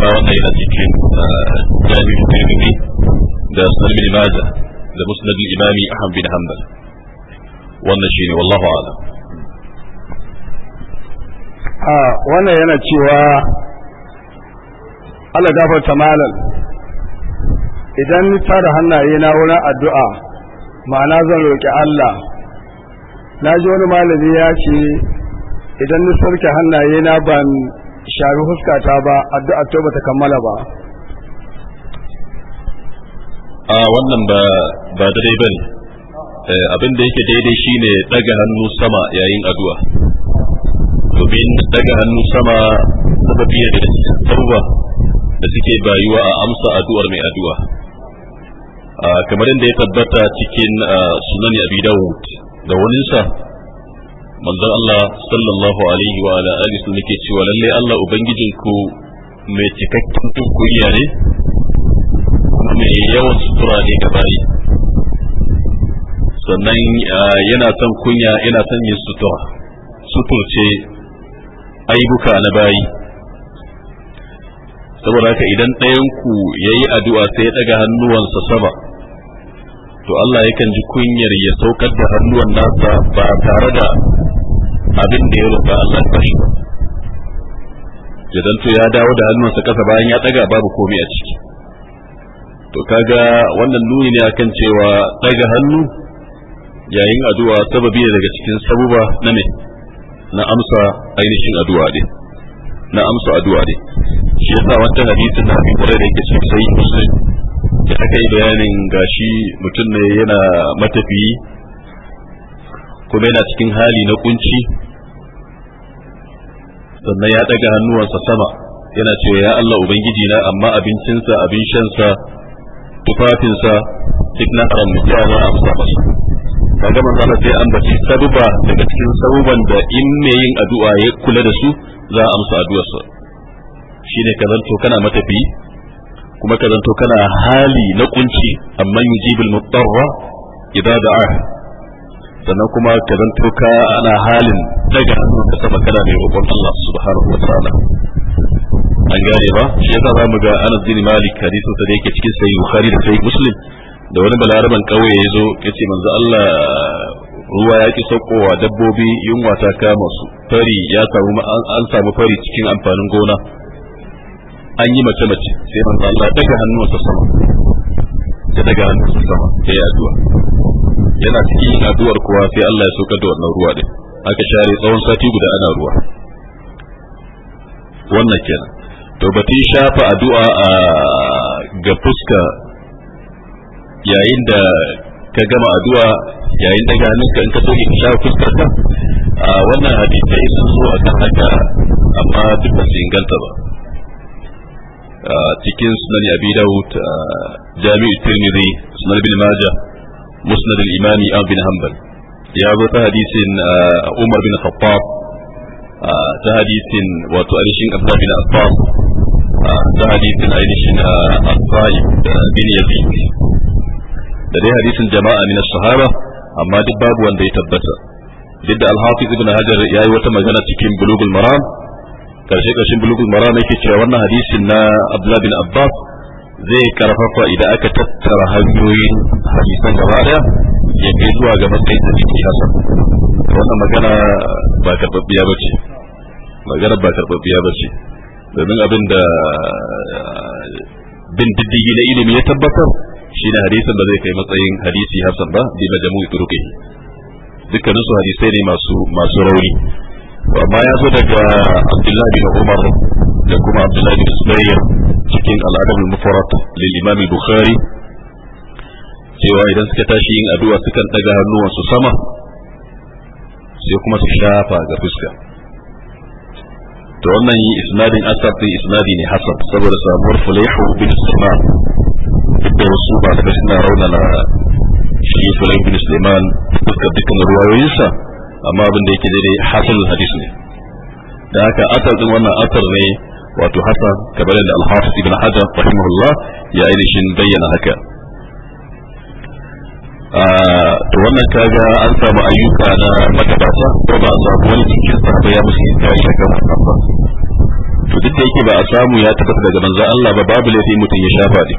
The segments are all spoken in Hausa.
ma wannan yana cikin ah, jami'in tirmidhi da sunan ibn majah da musnad al-imam ahmad bin hanbal wannan shi ne, wallahu a'lam a ah, wannan yana cewa Allah gafarta malam idan ni tara hannaye na wurin addu'a ma'ana zan roƙi Allah na ji wani malami ya ce idan ni sarki hannaye na ban sharu ta ba addu'a ta bata kammala ba a wannan ba ba bane eh, abin da yake daidai shine daga hannu sama yayin addu'a domin daga hannu sama sababi ne da tarwa da suke bayuwa a amsa addu'ar mai addu'a kamar inda ya tabbata cikin sunan abi dawud da waninsa manzon Allah sallallahu alaihi wa ala alihi sun yake cewa lalle Allah ubangijin ku mai cikakken dukuriya ne mai yawan sutura ne ga bari sannan yana son kunya yana son yin sutura ce aibuka na bayi saboda haka idan ɗayan ku yayi addu'a sai ya daga hannuwansa sama to Allah yakan ji kunyar ya saukar da hannuwan nasa ba tare da abin da ya roƙa Allah ba shi ba ya dawo da hannunsa kasa bayan ya daga babu komai a ciki to kaga wannan nuni ne akan cewa daga hannu yayin addu'a sababi daga cikin sabuba na ne na amsa ainihin addu'a ne na amsa addu'a ne shi yasa wannan hadisin na bi da yake cikin sahih da aka yi bayanin gashi mutum ne yana matafiyi kuma yana cikin hali na kunci sannan ya daga hannuwansa sama yana cewa ya Allah ubangiji na amma abincinsa abin shansa tufafinsa duk na haram ne ya a amsa masa kaga manzo Allah sai ambaci sabuba daga cikin sabuban da in mai yin addu'a ya kula da su za a amsa addu'arsa shine kazanto kana matafiyi kuma ka zanto kana hali na kunci amma yujibul mudarra idza da'a sannan kuma ka zanto ka ana halin daga da sama kana mai roƙon Allah subhanahu wataala an gane ba shi yasa zamu ga Anas bin Malik hadisin sa da yake cikin sahih Bukhari da sahih Muslim da wani balaraban kauye ya zo ya ce manzo Allah ruwa ya ki saukowa dabbobi yunwa ta kama su fari ya samu an samu fari cikin amfanin gona an yi mace mace sai manzo Allah ya daga hannuwansa sama ya daga hannunsa sama sai ya addu'a yana cikin yin addu'ar kuwa sai Allah ya saukar da wannan ruwa din aka share tsawon sati guda ana ruwa wannan kenan to bati shafa addu'a a ga fuska yayin da ka gama addu'a yayin daga ganinka in ka so ka shafa fuskar ka a wannan hadisi sun zo a kan haka amma duk ba su inganta ba cikin sunan abi daud jami'u tirmidhi sunan ibn majah musnad al-imami an bin hanbal ya zo ta hadisin umar bin khattab ta hadisin wato alishin abdullah bin affan ta hadisin ainihin asfai bin yazid da dai hadisin jama'a min as-sahaba amma duk babu wanda ya tabbata duk da al-hafiz ibn hajar yayi wata magana cikin bulugul maram karshe karshen bulugul maram yake cewa wannan hadisin na Abdullah bin Abbas zai karfafa idan aka tattara hanyoyin hadisan gaba daya ya kai zuwa ga matsayin da yake hasa wannan magana ba karbabbiya bace magana ba karbabbiya bace domin abin da bin diddigi na ilimi ya tabbatar shi ne hadisin ba zai kai matsayin hadisi hasan ba bi majmu'i turuqihi dukkanin su hadisai ne masu masu rauni amma ya zo daga abdullahi bin umar da kuma abdullahi bin zubair cikin al'adar mufarat lil imam bukhari cewa idan suka tashi yin addu'a sukan daga hannuwansu sama sai kuma su shafa ga fuska to wannan yi isnadin asab din isnadi ne hasab saboda samuwar fulaihu bin sulaiman duk da wasu ba su suna raunana shi fulaihu bin sulaiman fuskar dukkan ruwayoyinsa amma abin da yake daidai hasanul hadis ne da haka asar din wannan asar ne wato hasan kamar da al-hafiz ibn hajar rahimahullah ya yi ainihin bayyana haka to wannan kaga an samu ayyuka na matabata ko ba a samu wani cikin sahabba ya musu ya shaka ba to duk da yake ba a samu ya tabbata daga manzo Allah ba babu laifi mutum ya shafa ne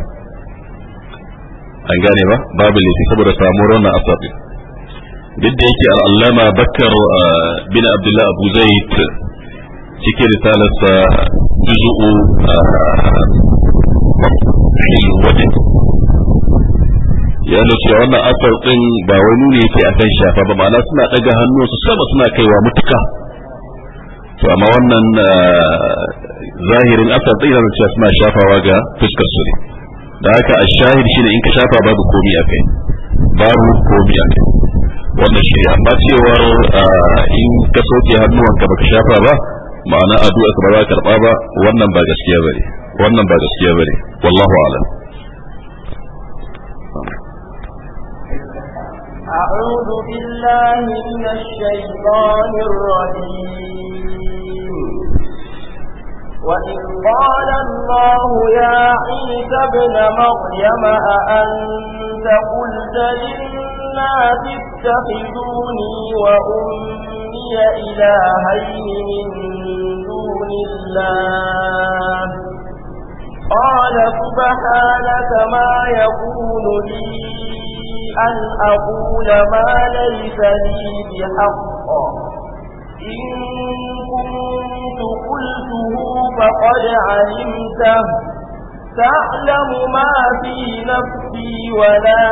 an gane ba babu laifi saboda samu ranar asar din duk da yake al'allama bakar uh, bin abdullah abu zait cikin risalarsa juzu'u uh, wajen ya nuna wannan asar din ba wani ne yake kan shafa ba ma'ana suna ɗaga hannu su sama suna kaiwa mutuka to amma wannan uh, zahirin asar din yana cewa suna shafawa ga fuskar su ne da haka a shahid shine in ka shafa babu komi a kai babu komi a kai wannan shi amma cewar in ka soke hannuwanka baka shafa ba ma'ana addu'a ka ba za karba ba wannan ba gaskiya bane wannan ba gaskiya bane wallahu a'lam أعوذ بالله من الشيطان الرجيم وإذ قال الله يا عيسى ابن مريم أأنت قلت للناس تتخذوني وأمي إلهين من دون الله قال سبحانك ما يقول لي أن أقول ما ليس لي بحق إن كنت قلته فقد علمته تعلم ما في نفسي ولا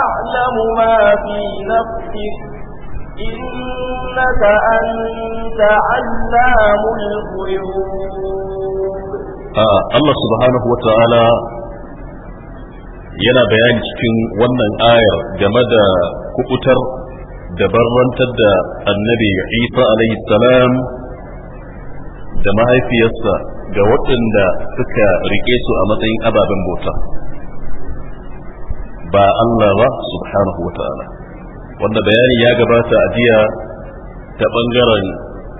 أعلم ما في نفسك إنك أنت علام الغيوب آه الله سبحانه وتعالى yana bayani cikin wannan ayar game da kubutar da barrantar da annabi isa alaihi salam da mahaifiyarsa ga waɗanda suka riƙe su a matsayin ababen bauta ba Allah ba subhanahu wa ta'ala wanda bayani ya gabata a jiya ta ɓangaren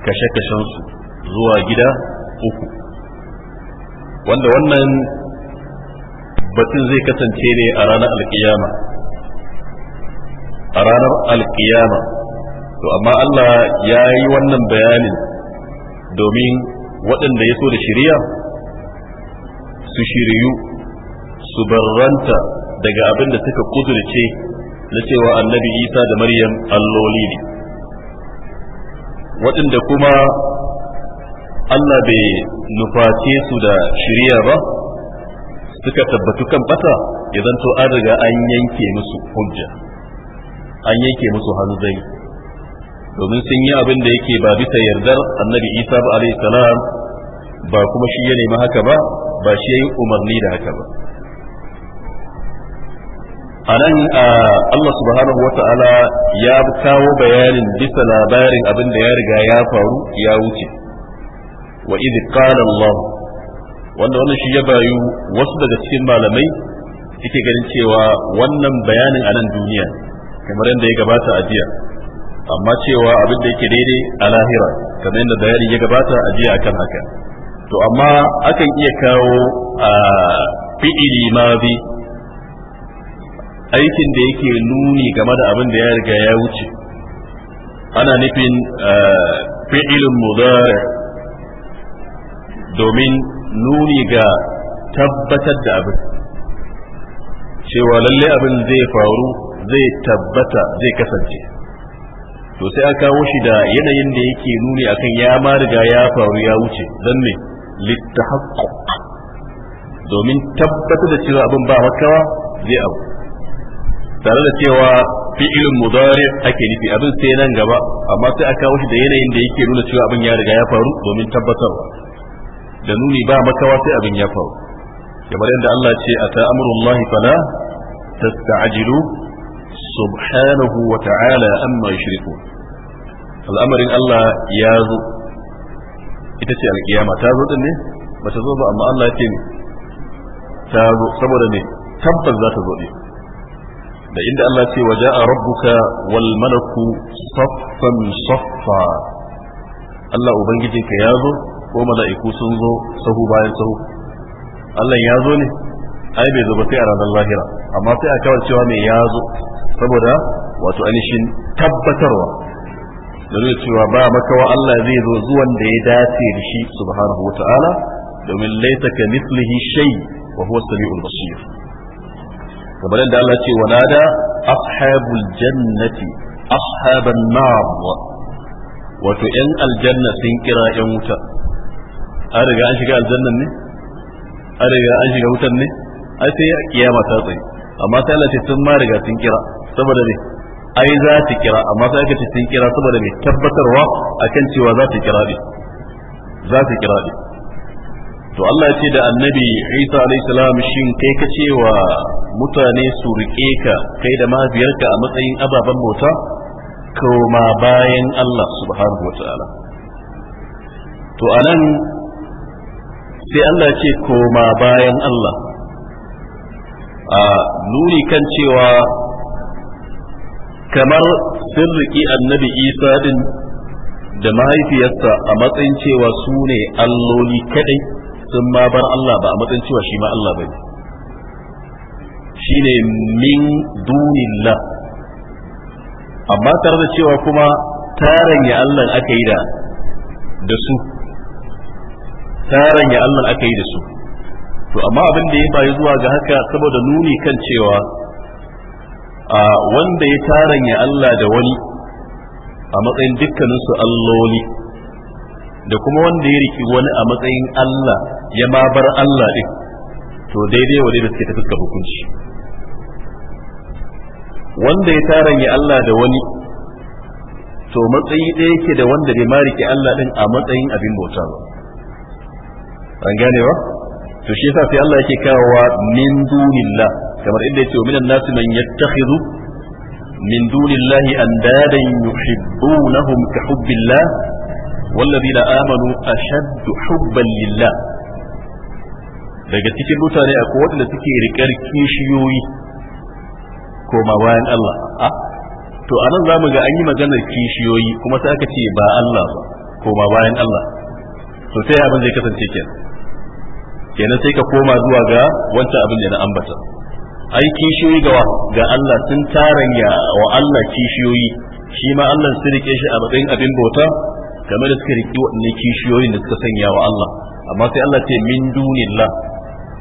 kashe-kashensu zuwa gida uku wanda wannan batun zai kasance ne a ranar alkiyama a ranar alkiyama to amma Allah ya yi wannan bayanin domin waɗanda ya so da shirya su shiryu su barranta daga abin da suka kudurce na cewa annabi isa da maryam alloli ne waɗanda kuma allah bai nuface su da shirya ba suka tabbatu kan bata ya zanto an riga an yanke musu hujja an yanke musu hanzari domin sun yi abin da yake ba bisa yardar annabi isa ba salam ba kuma shi ya nemi haka ba ba shi ya yi umarni da haka ba a nan Allah subhanahu wata'ala ya kawo bayanin bisa labarin abin da ya riga ya faru ya wuce wa izi qala Allah wanda wannan shi ya bayu wasu daga cikin malamai suke ganin cewa wannan bayanin a nan duniya kamar yadda ya gabata a jiya amma cewa abin da yake daidai a lahira kamar yadda bayani ya gabata a jiya akan haka to amma akan iya kawo a fi'ili bi aikin da yake nuni game da abin da ya riga ya wuce ana nufin fi'ilin mudare domin nuni ga tabbatar da abin cewa lalle abin zai faru zai tabbata zai kasance to sai aka kawo shi da yanayin da yake nuni akan ya ma riga ya faru ya wuce dan me littahaqquq domin tabbatar da cewa abin ba makawa zai abu tare da cewa fi'ilin mudari ake nufi abin sai nan gaba amma sai aka kawo shi da yanayin da yake nuna cewa abin ya riga ya faru domin tabbatarwa da nuni ba makawa sai abin ya faru kamar yadda Allah ce ata amrullahi fala tasta'jilu subhanahu wa ta'ala amma yushriku al'amarin Allah ya zo ita ce alkiyama ta zo din ne ba zo ba amma Allah ya ce ta zo saboda tabbas za ta zo ne da inda Allah ce wa ja'a rabbuka wal malaku saffan saffa Allah ubangiji ka ya zo ko sahu bayan sahu Allah ya zo ne ai bai ba sai a ranar lahira amma sai a kawar cewa mai ya zo saboda wato ainihin tabbatarwa da zai cewa ba makawa Allah zai zo zuwan da ya dace da shi subhanahu wa ta'ala domin laita ka mislihi shay wa huwa sami'ul basir kamar da Allah ce wana da ashabul jannati ashaban nar wato yan aljanna sun kira yan wuta an riga an shiga aljannan ne an riga an shiga wutan ne ai sai kiyama ta tsaye amma ta Allah ce sun ma riga sun kira saboda ne ai za ta kira amma sai aka ce sun kira saboda ne, tabbatarwa akan cewa za ta kira ne za ta kira ne to Allah ya ce da annabi Isa alayhi salam shin kai ka ce wa mutane su rike ka kai da mahaifiyarka a matsayin ababen mota? koma bayan Allah subhanahu wa ta'ala to anan sai Allah ya ce koma bayan Allah a nuni kan cewa kamar sirriki annabi isa din da mahaifiyarsa a matsayin cewa su ne alloli kadai sun ma bar Allah ba a matsayin cewa shi ma Allah ba shi ne min dunillah amma tare da cewa kuma taron ya Allah aka yi da su tarin ya Allah aka yi da su to amma abin da ya bayi zuwa ga haka saboda nuni kan cewa wanda ya taranya Allah da wani a matsayin dukkaninsu alloli da kuma wanda ya riki wani a matsayin Allah ya ma bar Allah din to daidai wa da suke ta fuskar hukunci wanda ya taranya Allah da wani to matsayi ɗaya yake da wanda bai ma riki Allah din a matsayin abin bauta ba an gane ba to shi yasa sai Allah yake kawowa min dunillah kamar inda yake minan nasu man yattakhidhu min dunillahi andadan yuhibbunahum ka hubbillah walladhina amanu ashaddu hubban lillah daga cikin mutane akwai wanda suke rikar kishiyoyi koma bayan Allah a to anan zamu ga an yi maganar kishiyoyi kuma sai aka ce ba Allah ba koma bayan Allah to sai abin zai kasance kenan kenan sai ka koma zuwa ga wancan abin da na ambata ai kishiyoyi ga ga Allah sun taranya wa Allah kishiyoyi shi ma Allah sun rike shi a matsayin abin bauta game da suka rike waɗannan kishiyoyin da suka sanya wa Allah amma sai Allah ce min dunillah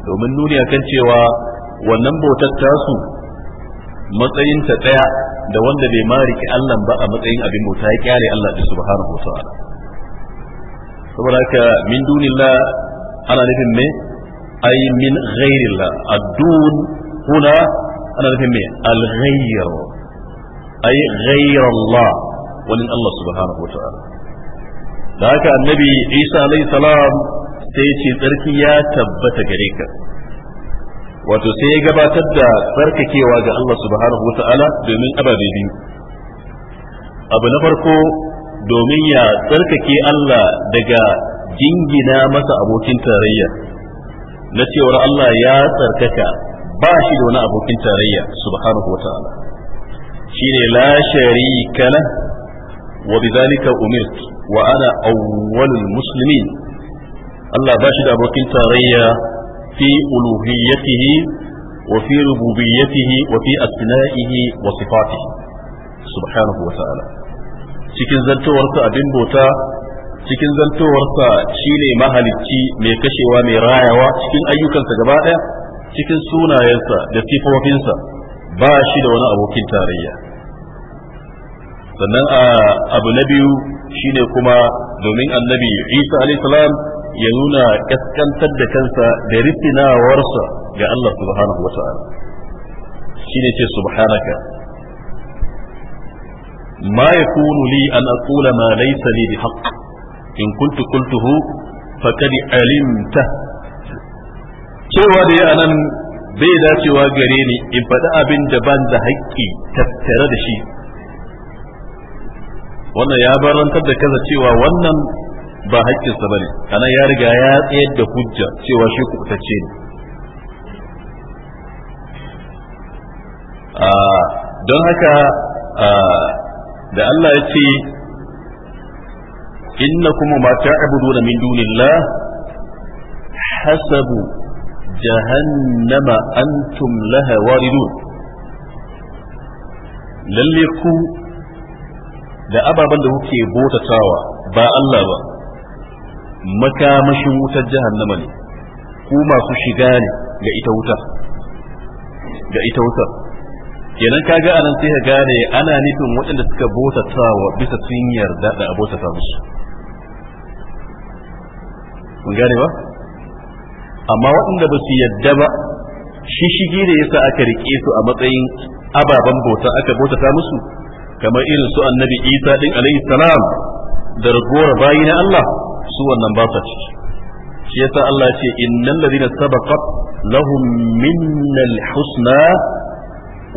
domin nuni akan cewa wannan bautar tasu matsayin ta daya da wanda bai ma riki Allah ba a matsayin abin bauta ya kyale Allah da subhanahu wa ta'ala saboda haka min dunillah ana nufin me ai min ghairillah ad huna ana nufin me al-ghayr ay wani Allah subhanahu wa ta'ala da haka annabi Isa alayhi salam sai ce tsarki ya tabbata gare ka wato sai ya gabatar da tsarkakewa ga Allah subhanahu wa ta'ala domin ababe biyu abu na farko domin ya tsarkake Allah daga jingina masa abokin tarayya na cewar Allah ya tsarkaka ba shi da wani abokin tarayya subhanahu wata'ala shine la sharika la wa bidhalika umirt wa ana awwalul muslimin Allah ba shi da abokin tarayya fi uluhiyyatihi wa fi rububiyyatihi wa fi asma'ihi wa sifatihi subhanahu wata'ala cikin zantowarsa abin bauta cikin zantowarsa shine mahalicci mai kashewa mai rayawa cikin ayyukansa gaba daya cikin sunayensa da sifofinsa ba shi da wani abokin tarayya sannan a abu na biyu shine kuma domin annabi isa alaihissalam ya nuna ƙaskantar da kansa da rifinawarsa ga Allah subhanahu wa ta'ala shine ce subhanaka ما يكون لي أن أقول ما ليس لي بحق in كنت قلته فقد alimta. cewa da ya anan bai dacewa gare ni in faɗi abin da ban da haƙƙi tattare da shi wannan ya barantar da kaza cewa wannan ba haƙƙinsa ba ne anan ya riga ya tsayar da hujja cewa shi kubutacce ne don haka da Allah ya ce innakum ma ta'buduna min dunillah hasabu jahannama antum laha waridun lalle ku da ababen da kuke botatawa ba Allah ba makamashin wutar jahannama ne ku masu shiga ne ga ita wuta ga kaga anan sai ka gane ana nufin waɗanda suka botatawa bisa sun yarda da ta musu kun gane ba amma waɗanda ba su yadda ba shishigi da yasa aka rike su a matsayin ababen bauta aka bautata musu kamar irin su annabi isa din alayhi salam da ragowar bayi na Allah su wannan ba sa ciki shi yasa Allah ya ce innal ladina sabaqat lahum minnal husna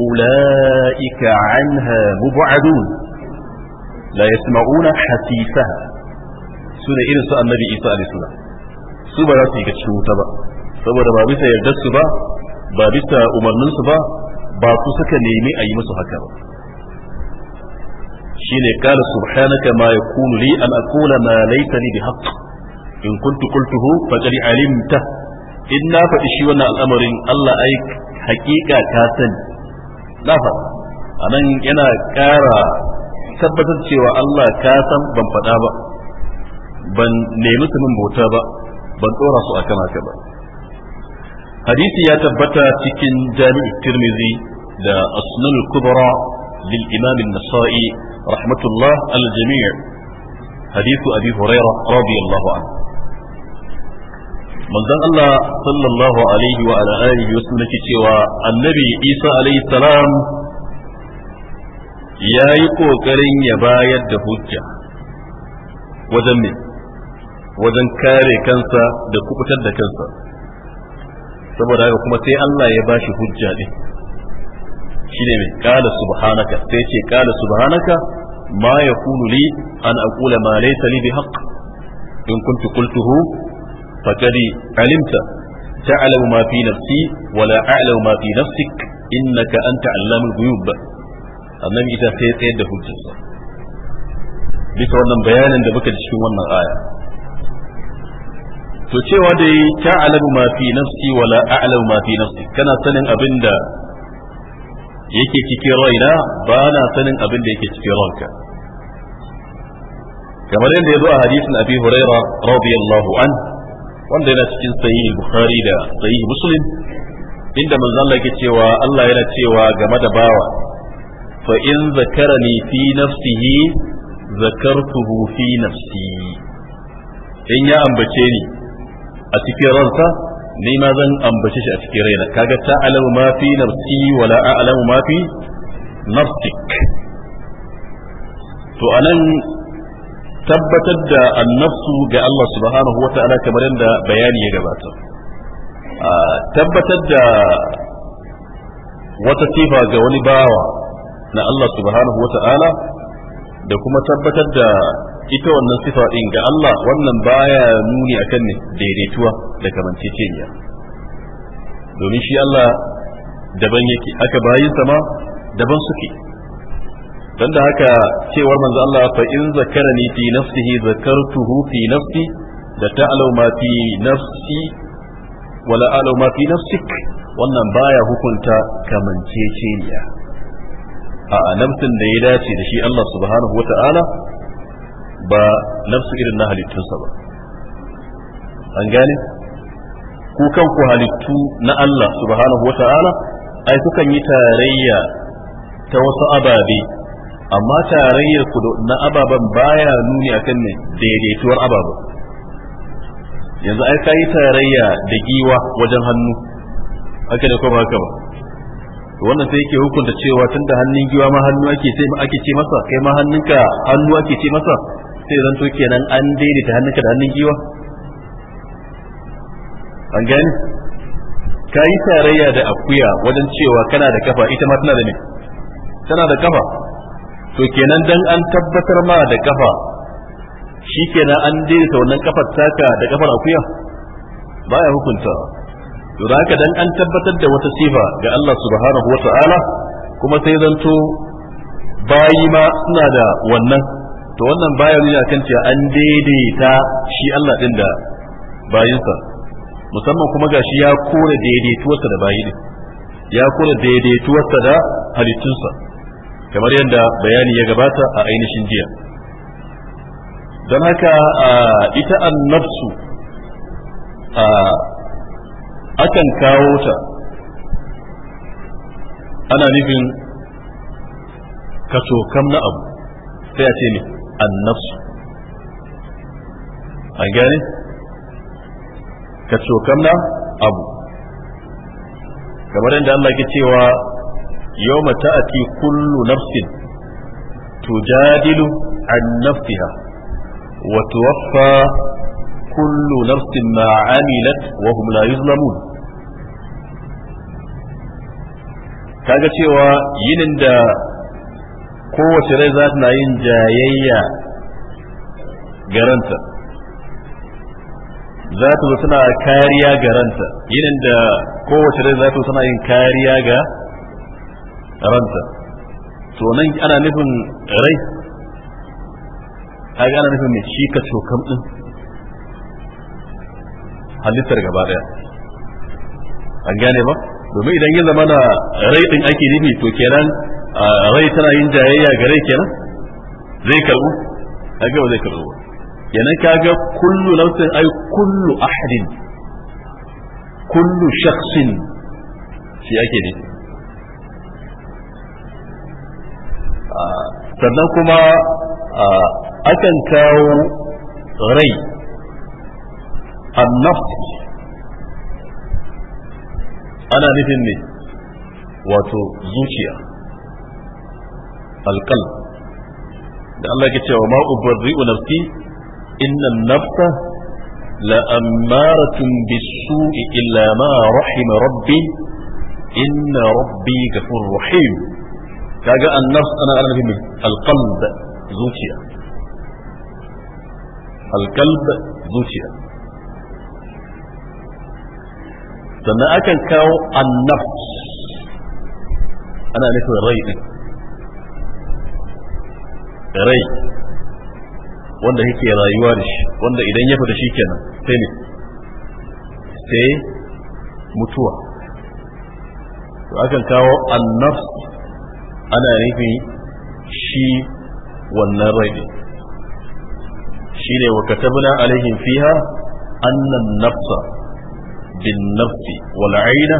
ulaika anha mub'adun la yasma'una hasisaha sune irin su annabi isa alayhi salam su ba za su yi cikin wuta ba saboda ba bisa yardar su ba ba bisa umarnin su ba ba su suka nemi a yi musu haka ba shine qala subhanaka ma yakunu li an aqula ma in kuntu qultuhu faqad alimta in na faɗi shi wannan al'amarin Allah ai hakika ka sani na faɗa anan yana ƙara tabbatar cewa Allah ka san ban faɗa ba ban nemi su min bauta ba ban tsora su akan haka ba hadisi ya tabbata cikin jami'i tirmizi da asnul kubra lil imam an-nasa'i rahmatullah al-jami' hadithu abi hurairah radiyallahu anhu manzon Allah sallallahu alaihi wa ala alihi wasallam nake cewa annabi Isa alaihi salam ya yi ƙoƙarin ya bayar da hujja wajen ne wajen kare kansa da kubutar da kansa saboda haka kuma sai Allah ya bashi hujja ne shine mai kala subhanaka sai ce kala subhanaka ma yakunu li an aqula ma laysa li bihaq in kuntu qultuhu faqad alimta ta'lamu ma fi nafsi wa la a'lamu ma fi nafsik innaka anta allamul ghuyub annabi ita sai tsayar da hujjarsa bisa wannan bayanin da muka cikin wannan aya to cewa da yi ta alamu mafi nafsi wala a'lamu ma nafsi kana sanin abin da yake cikin raina ba na sanin abin da yake cikin ranka kamar yadda ya zo a hadisin abi huraira radiyallahu an wanda yana cikin sahihi bukhari da sahihi muslim inda manzon Allah yake cewa Allah yana cewa game da bawa fa in ne fi nafsihi zakartuhu fi nafsi in ya ambace ni a cikin ransa ni ma zan ambace shi a cikin raina kaga ta alamu ma fi nafsi wala a'lamu ma fi nafsik to anan tabbatar da annafsu ga Allah subhanahu wa ta'ala kamar yadda bayani ya gabata tabbatar da wata sifa ga wani bawa na Allah subhanahu wa ta'ala da kuma tabbatar da ita wannan sifa din ga Allah wannan baya nuni akan ne daidaituwa da kamanceceniya domin shi Allah daban yake aka bayi sama daban suke don da haka cewar manzo Allah fa in zakarani fi nafsihi zakartuhu fi nafsi da ta'alau ma fi nafsi wala alau ma fi nafsik wannan baya hukunta kamanceceniya a nafsin da ya dace da shi Allah subhanahu wa ta'ala ba nafsu irin na halittunsa ba an gane ku kanku halittu na Allah subhanahu wa ta'ala ai kukan yi tarayya ta wasu ababe amma tarayyar ku na ababen baya nuni akan ne daidaituwar ababen yanzu ai ka yi tarayya da giwa wajen hannu haka da kuma haka ba to wannan sai yake hukunta cewa da hannun giwa ma hannu ake ce ake ce masa kai ma hannunka hannu ake ce masa sai zan to kenan an ta hannunka da hannun giwa an gani ka yi tarayya da akuya wajen cewa kana da kafa ita ma tana da ne tana da kafa to kenan dan an tabbatar ma da kafa shi kenan an daidaita wannan kafar taka da kafar akuya baya hukunta to da haka dan an tabbatar da wata sifa ga Allah subhanahu wa kuma sai zanto bayi ma suna da wannan to wannan baya nuna kan cewa an daidaita shi Allah din da bayinsa musamman kuma gashi ya kore daidaituwarsa da bayi din ya kore daidaituwarsa da halittunsa kamar yadda bayani ya gabata a ainihin jiya don haka ita annabsu akan kawo ta ana nufin kaso kam na abu sai a ce ne annafsu A gane kaso kam na abu kamar yadda Allah ke cewa yau mata a kullu nafsin tujadilu an nafsiha wa tuwaffa kullu نفس ما عملت وهم لا يظلمون kaga cewa yinin da kowace rai za na yin jayayya garanta za ta zo tana kariya garanta yinin da kowace rai za ta zo tana yin kariya ga ranta to nan ana nufin rai kaga ana nufin mai shi ka cokam din halittar gaba daya an gane ba domin idan ya zama na rai din ake nufi to kenan rai tana yin jayayya ga rai kenan zai karbu a ba zai karbu ba kenan ga kullu nafsin ai kullu ahadin kullu shakhsin shi ake nufi sannan kuma akan kawo rai annaf ana nufin ne wato zuciya alƙal da Allah ke cewa ma ubarri'u nafsi inna nafsa la ammaratun bisu'i illa ma rahima rabbi inna rabbi ghafurur rahim kaga annafs ana ana nufin zuciya zuciya sannan akan kawo annaf ana nufin rai din rai wanda yake rayuwa da shi wanda idan ya fita shi kenan sai ne sai mutuwa to akan kawo annaf ana nufin shi wannan rai din shi ne wa katabna alaihim fiha annan nafsa بالنفس والعين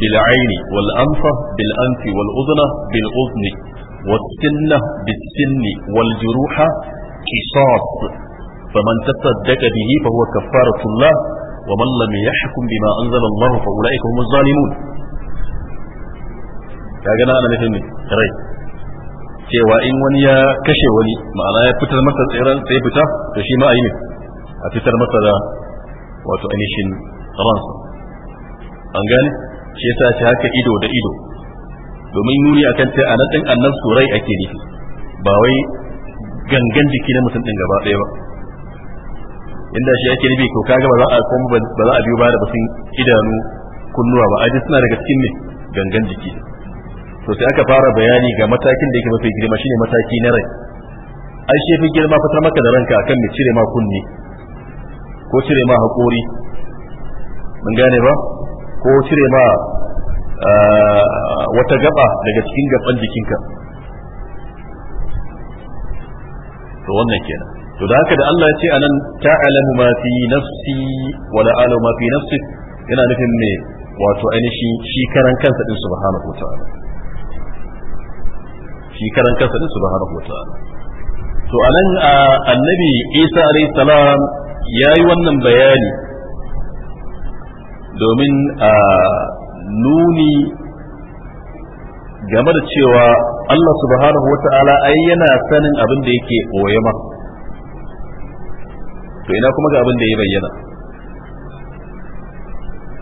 بالعين والأنف بالأنف والأذن بالأذن والسن بالسن والجروح قصاص فمن تصدق به فهو كفارة الله ومن لم يحكم بما أنزل الله فأولئك هم الظالمون kaga na ana nufin rai cewa in wani ya kashe wani ma'ana ya fitar masa tseren sai fita to shi ma a yi a fitar masa da wato ainihin ransa an gane shi yasa ce haka ido da ido domin nuni akan ta a nan annan surai ake nufi ba wai gangan jiki na mutum din gaba ɗaya ba inda shi ake nufi ko kaga ba za a kuma ba za a biyo ba da batun idanu kunnuwa ba aji suna daga cikin ne gangan jiki to sai aka fara bayani ga matakin da yake mafi girma shine mataki na rai ai shi fi girma fitar maka da ranka akan ne cire ma kunni ko cire ma haƙori mun gane ba ko cire ma eh, wata gaba daga cikin gaban jikinka to wannan kenan to da haka da Allah ya ce anan ta'lamu ma fi nafsi wa la alamu ma fi nafsi yana nufin me wato ainihin shi karan kansa din subhanahu wa ta'ala shi karan kansa din subhanahu wa ta'ala to anan eh, annabi Isa alayhi salam yayi wannan bayani domin a nuni game da cewa Allah subhanahu wa ta'ala ai yana sanin abin da yake ɓoye ma to ina kuma ga abin da ya bayyana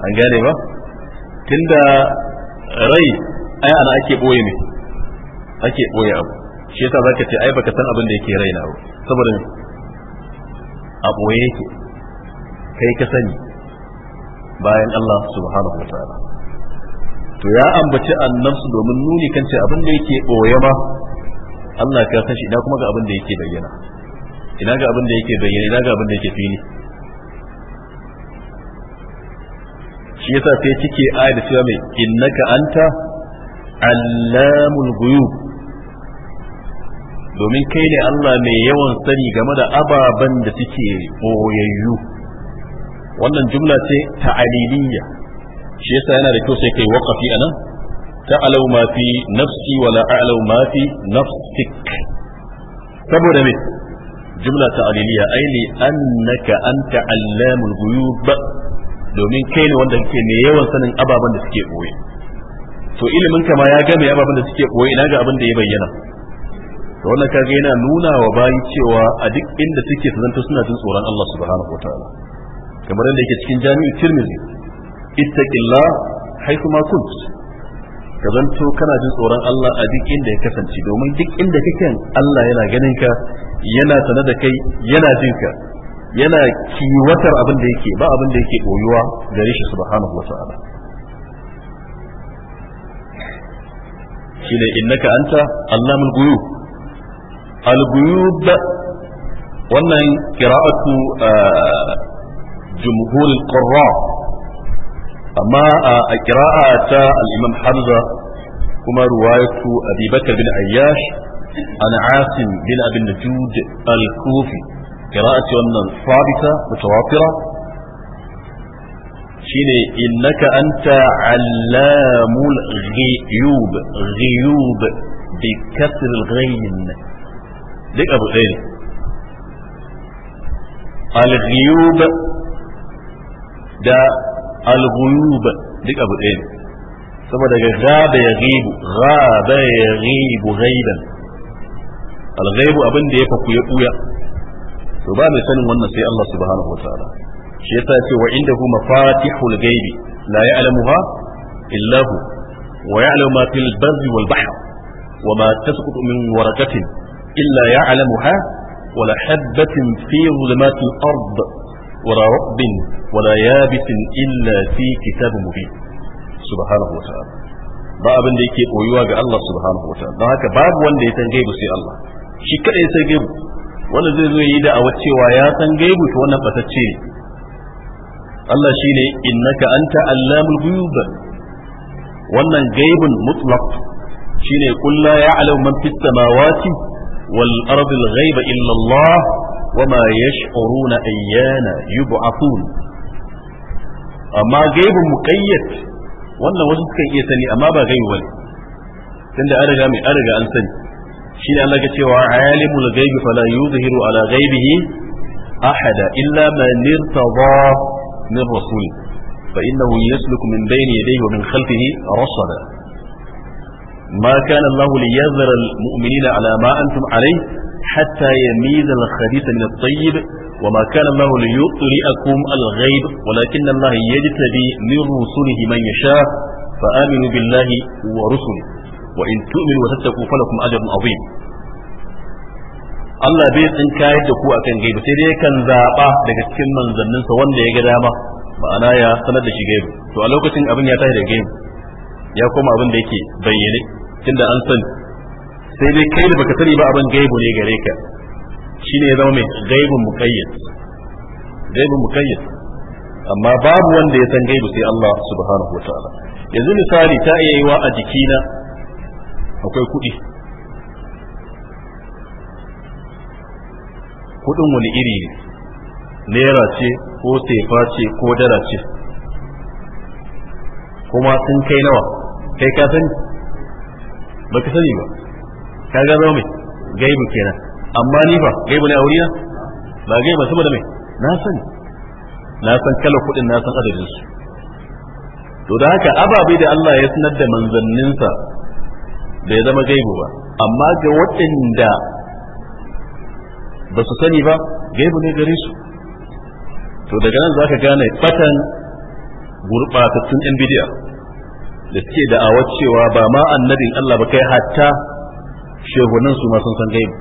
an gane ba tunda rai ai ana ake ɓoye ne ake ɓoye abu shi yasa zaka ce ai baka san abin da yake raina ba saboda a ɓoye yake kai ka sani bayan Allah subhanahu wa ta'ala to ya ambaci annabsu domin nuni kan abin da yake boye ma Allah ya san shi kuma ga abin da yake bayyana ina ga abin da yake bayyana ina ga abin da yake fili shi yasa sai cike aya da cewa mai innaka anta allamul ghuyub domin kai ne Allah mai yawan sani game da ababen da suke boyayyu wannan jumla ce ta'aliliya shi yasa yana da kyau sai kai waqafi anan ta'alau ma fi nafsi wala a'lau ma fi nafsik saboda me jumla ta'aliliya ai li annaka anta allamul ghuyub domin kai ne wanda kake ne yawan sanin ababen da suke boye to ilimin ka ma ya game ababen da suke boye ina ga abin da ya bayyana to wannan kage yana nuna wa bayi cewa a duk inda suke su zanto suna jin tsoron Allah subhanahu wataala kamar yadda yake cikin Jami'in tirmizi ittaqilla haythu ma kunt ka zanto kana jin tsoron Allah a duk inda ya kasance domin duk inda kake Allah yana ganin ka yana sanar da kai yana jin ka yana kiwatar abin da yake ba abin da yake boyuwa gare shi subhanahu wa ta'ala shine innaka anta allamul ghuyub al ghuyub wannan qira'atu ah, جمهور القراء أما آه، قراءة الإمام حمزة كما رواية أبي بكر بن عياش عن عاصم بن أبي النجود الكوفي قراءة أن ثابتة متواترة شيني إنك أنت علام الغيوب غيوب بكسر الغين ديك أبو غير الغيوب da al-ghuyub duk abu ɗaya saboda ga gaba ya ghibu gaba ya ghibu ghaiban al-ghaibu abin da ya faku ya buya to ba mai sanin wannan sai Allah subhanahu wataala shi yasa yace wa indahu mafatihul ghaibi la ya'lamuha illa hu wa ya'lamu ma fil barri wal bahr wa ma tasqutu min waraqatin illa ya'lamuha ولا حبة في ظلمات الأرض ولا رطب ولا يابس إلا في كتاب مبين سبحانه وتعالى ba abin da yake koyuwa ga Allah subhanahu wataala don haka babu wanda ya san gaibu sai Allah shi kadai ya san gaibu zai zo yi da'awar wa ya san gaibu to wannan batacce ne Allah shine innaka anta allamul ghuyub wannan gaibun mutlaq shine kullu ya'lamu man fis samawati wal ardi al ghaiba illa Allah وما يشعرون أيان يبعثون أما غيب مقيد wannan wasu suka iya sani amma ba gaibu bane tunda an riga mai an riga an sani shi ne Allah ya cewa alimul ghaibi fala yuzhiru ala ghaibihi ahada illa man irtada min rasul fa innahu yasluku min bayni yadayhi wa min khalfihi rasada ما كان الله ليذر المؤمنين على ما أنتم عليه hatta yamiza al-khabith min at-tayyib wa ma kana Allah liyudri'akum al-ghaib walakin Allah yajtabi min rusulihi man yasha fa aminu billahi wa rusulihi wa in tu'minu wa tattaqu falakum ajrun 'azim Allah bai tsinkayar da ku akan gaibu sai dai kan zaɓa daga cikin manzanninsa wanda ya ga dama ma'ana ya sanar da shi gaibu to a lokacin abin ya tashi da gaibu ya koma abin da yake bayyane tunda an sani sai dai kai da baka sani ba abin gaibu ne gare ka shine ya zama mai gaibun muqayyad gaibun muqayyad amma babu wanda ya san gaibu sai Allah subhanahu wa ta'ala yanzu misali ta iya yiwa a jikina akwai kuɗi kuɗin wani iri ne naira ce ko sefa ce ko dara ce kuma sun kai nawa kai ka sani ba ka sani ba kaga zo mai gaibu kenan amma ni fa gaibu ne a wurina ba gaibu da mai na sani na san kalar kuɗin na san adadin su to da haka ababe da Allah ya sanar da manzanninsa bai zama gaibu ba amma ga waɗanda ba su sani ba gaibu ne gare su to daga nan za ka gane fatan gurɓatattun yan bidiya da suke da'awar cewa ba ma annabin Allah ba kai hatta shehunan su ma sun san gaibu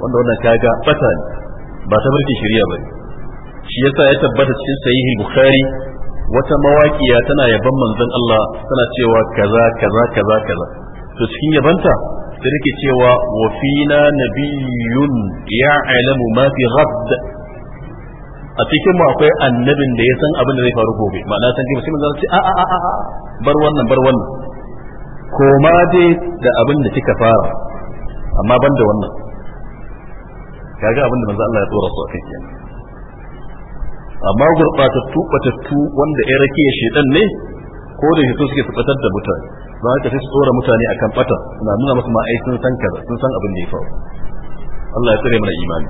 wanda wannan ga bata ne ba ta barke shari'a ba shi yasa ya tabbata cikin sahihi bukhari wata mawaƙiya tana yaban manzon Allah tana cewa kaza kaza kaza kaza to cikin yabanta sai rike cewa wa fina nabiyyun ya'lamu ma fi ghad a cikin mu akwai annabin da ya san abin da zai faru gobe ma'ana san gaibu sai manzon ce a a a bar wannan bar wannan koma dai da abin da kika fara amma ban da wannan kaga abin da manzo Allah ya tsora su akan kenan amma gurbatattu batattu wanda ya rake shedan ne ko da shi suke tabbatar da mutane ba haka sai su tsora mutane akan fata suna nuna musu ma ai sun san kaza sun san abin da ya faru Allah ya tsare mana imani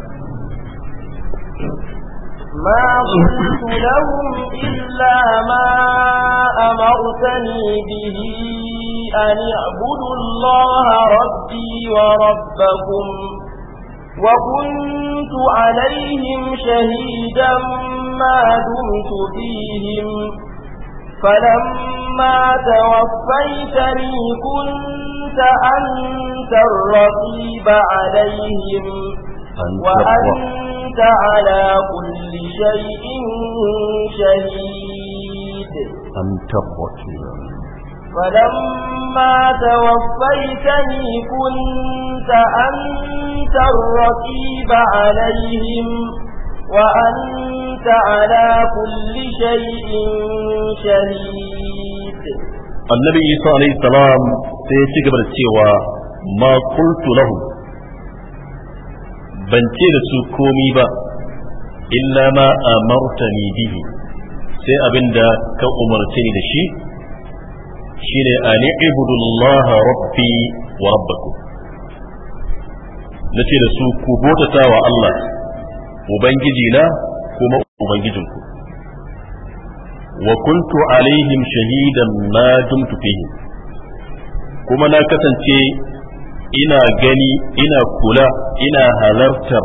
ما قلت لهم إلا ما أمرتني به أن اعبدوا الله ربي وربكم وكنت عليهم شهيدا ما دمت فيهم فلما توفيتني كنت أنت الرقيب عليهم وأنت على كل شيء شهيد أم تقوى فلما توفيتني كنت أنت الرقيب عليهم وأنت على كل شيء شهيد النبي صلى الله عليه وسلم سيتكبر السيوة ما قلت لهم ban ce da su komi ba illa ma a martani bihi sai abin da ka umarce ni da shi shine an ibudullaha rabbi wa rabbakum nace da su ku bautata wa Allah ubangiji na kuma ubangijinku wa kuntu alaihim shahidan ma dumtu fihim kuma na kasance ina gani ina kula ina halartar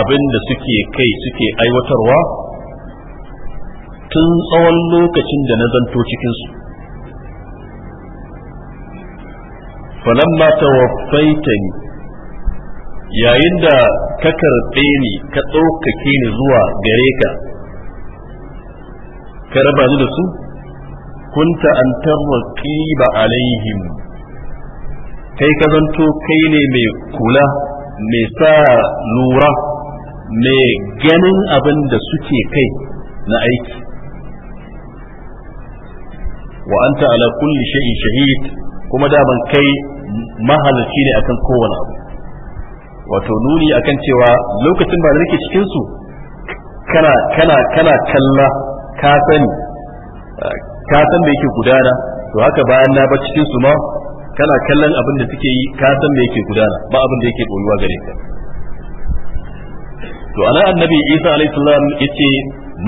abinda suke kai suke aiwatarwa tun tsawon lokacin da na zanto cikinsu falamma tawaffaitani yayin da ka karɓe ni ka ɗaukake ni zuwa gare ka ka raba ni da su kunta an tarwa ba alaihim kai ka zanto kai ne mai kula mai sa lura mai ganin abin da suke kai na aiki wa anta ala kulli shay'in shahid kuma da ban kai mahalarci ne akan kowane abu wato nuni akan cewa lokacin ba da nake cikin su kana kana kana kalla ka sani ka san me yake gudana to haka bayan na ba cikin su ma kana kallon abin da suke yi ka san me yake gudana ba abin da yake koyuwa gare ka to ana annabi isa alayhi salam yace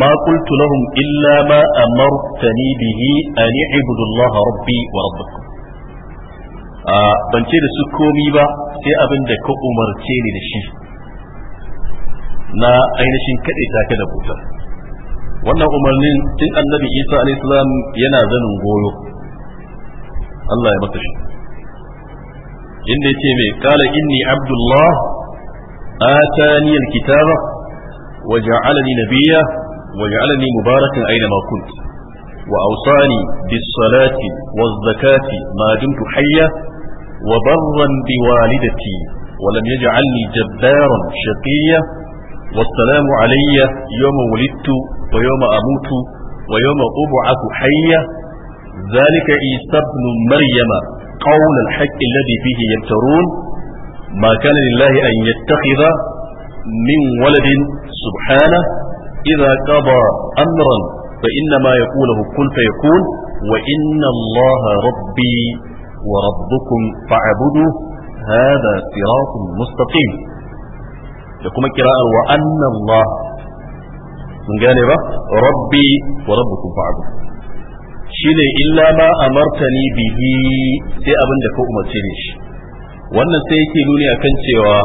ma qultu lahum illa ma amartani bihi an ibudu allaha rabbi wa rabbakum a ban ce da su komi ba sai abin da ka umarce ni da shi na ainihin kaɗe take da bautar wannan umarnin tun annabi isa alayhi salam yana zanin goyo Allah ya masa shi inda yace mai kala inni abdullah atani alkitaba wa ja'alani nabiyya wa ja'alani mubarakan aina ma kunt wa awsani bis salati waz zakati ma dumtu hayya wa barran bi walidati wa lam yaj'alni jabbaran shaqiyya wa salamu alayya yawma wulidtu wa yawma amutu wa yawma أبعث hayya ذلك عيسى ابن مريم قول الحق الذي فيه يمترون ما كان لله أن يتخذ من ولد سبحانه إذا قضى أمرا فإنما يقوله كن فيكون وإن الله ربي وربكم فاعبدوه هذا صراط مستقيم لكم الكراء وأن الله من جانب إيه ربي وربكم فاعبدوه shine illa ma amartani bihi sai abin da ka umarce ni shi wannan sai yake nuni akan cewa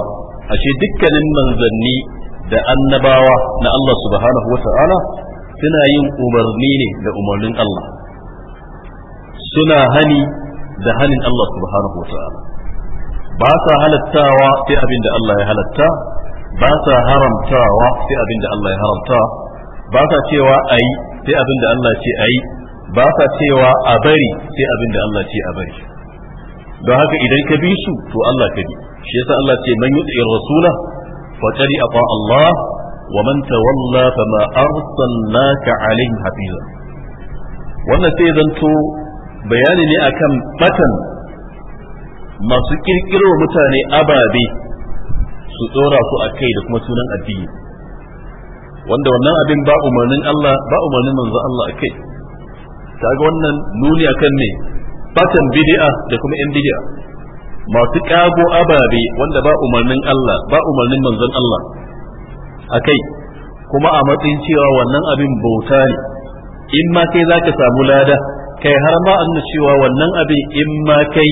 ashe dukkanin manzanni da annabawa na Allah subhanahu wa ta'ala suna yin umarni ne da umarnin Allah suna hani da hanin Allah subhanahu wa ta'ala ba sa halattawa sai abin da Allah ya halatta ba sa haramtawa sai abin da Allah ya haramta ba sa cewa ayi sai abin da Allah ce ayi ba sa cewa a bari sai abin da Allah ce a bari don haka idan ka bi su to Allah ka bi shi yasa Allah ce man yuti rasula fa qad ata Allah wa man tawalla fama arsalnaka alaihim hafiza wannan sai zanto bayani ne akan batan masu kirkiro mutane ababe su tsora su a kai da kuma sunan addini wanda wannan abin ba umarnin Allah ba umarnin manzo Allah a kai kaga wannan nuni akan ne fatan bid'a da kuma yan bid'a masu kago ababe wanda ba umarnin Allah ba umarnin manzon Allah akai kuma a matsayin cewa wannan abin bauta ne in ma kai zaka samu lada kai har ma an cewa wannan abin in ma kai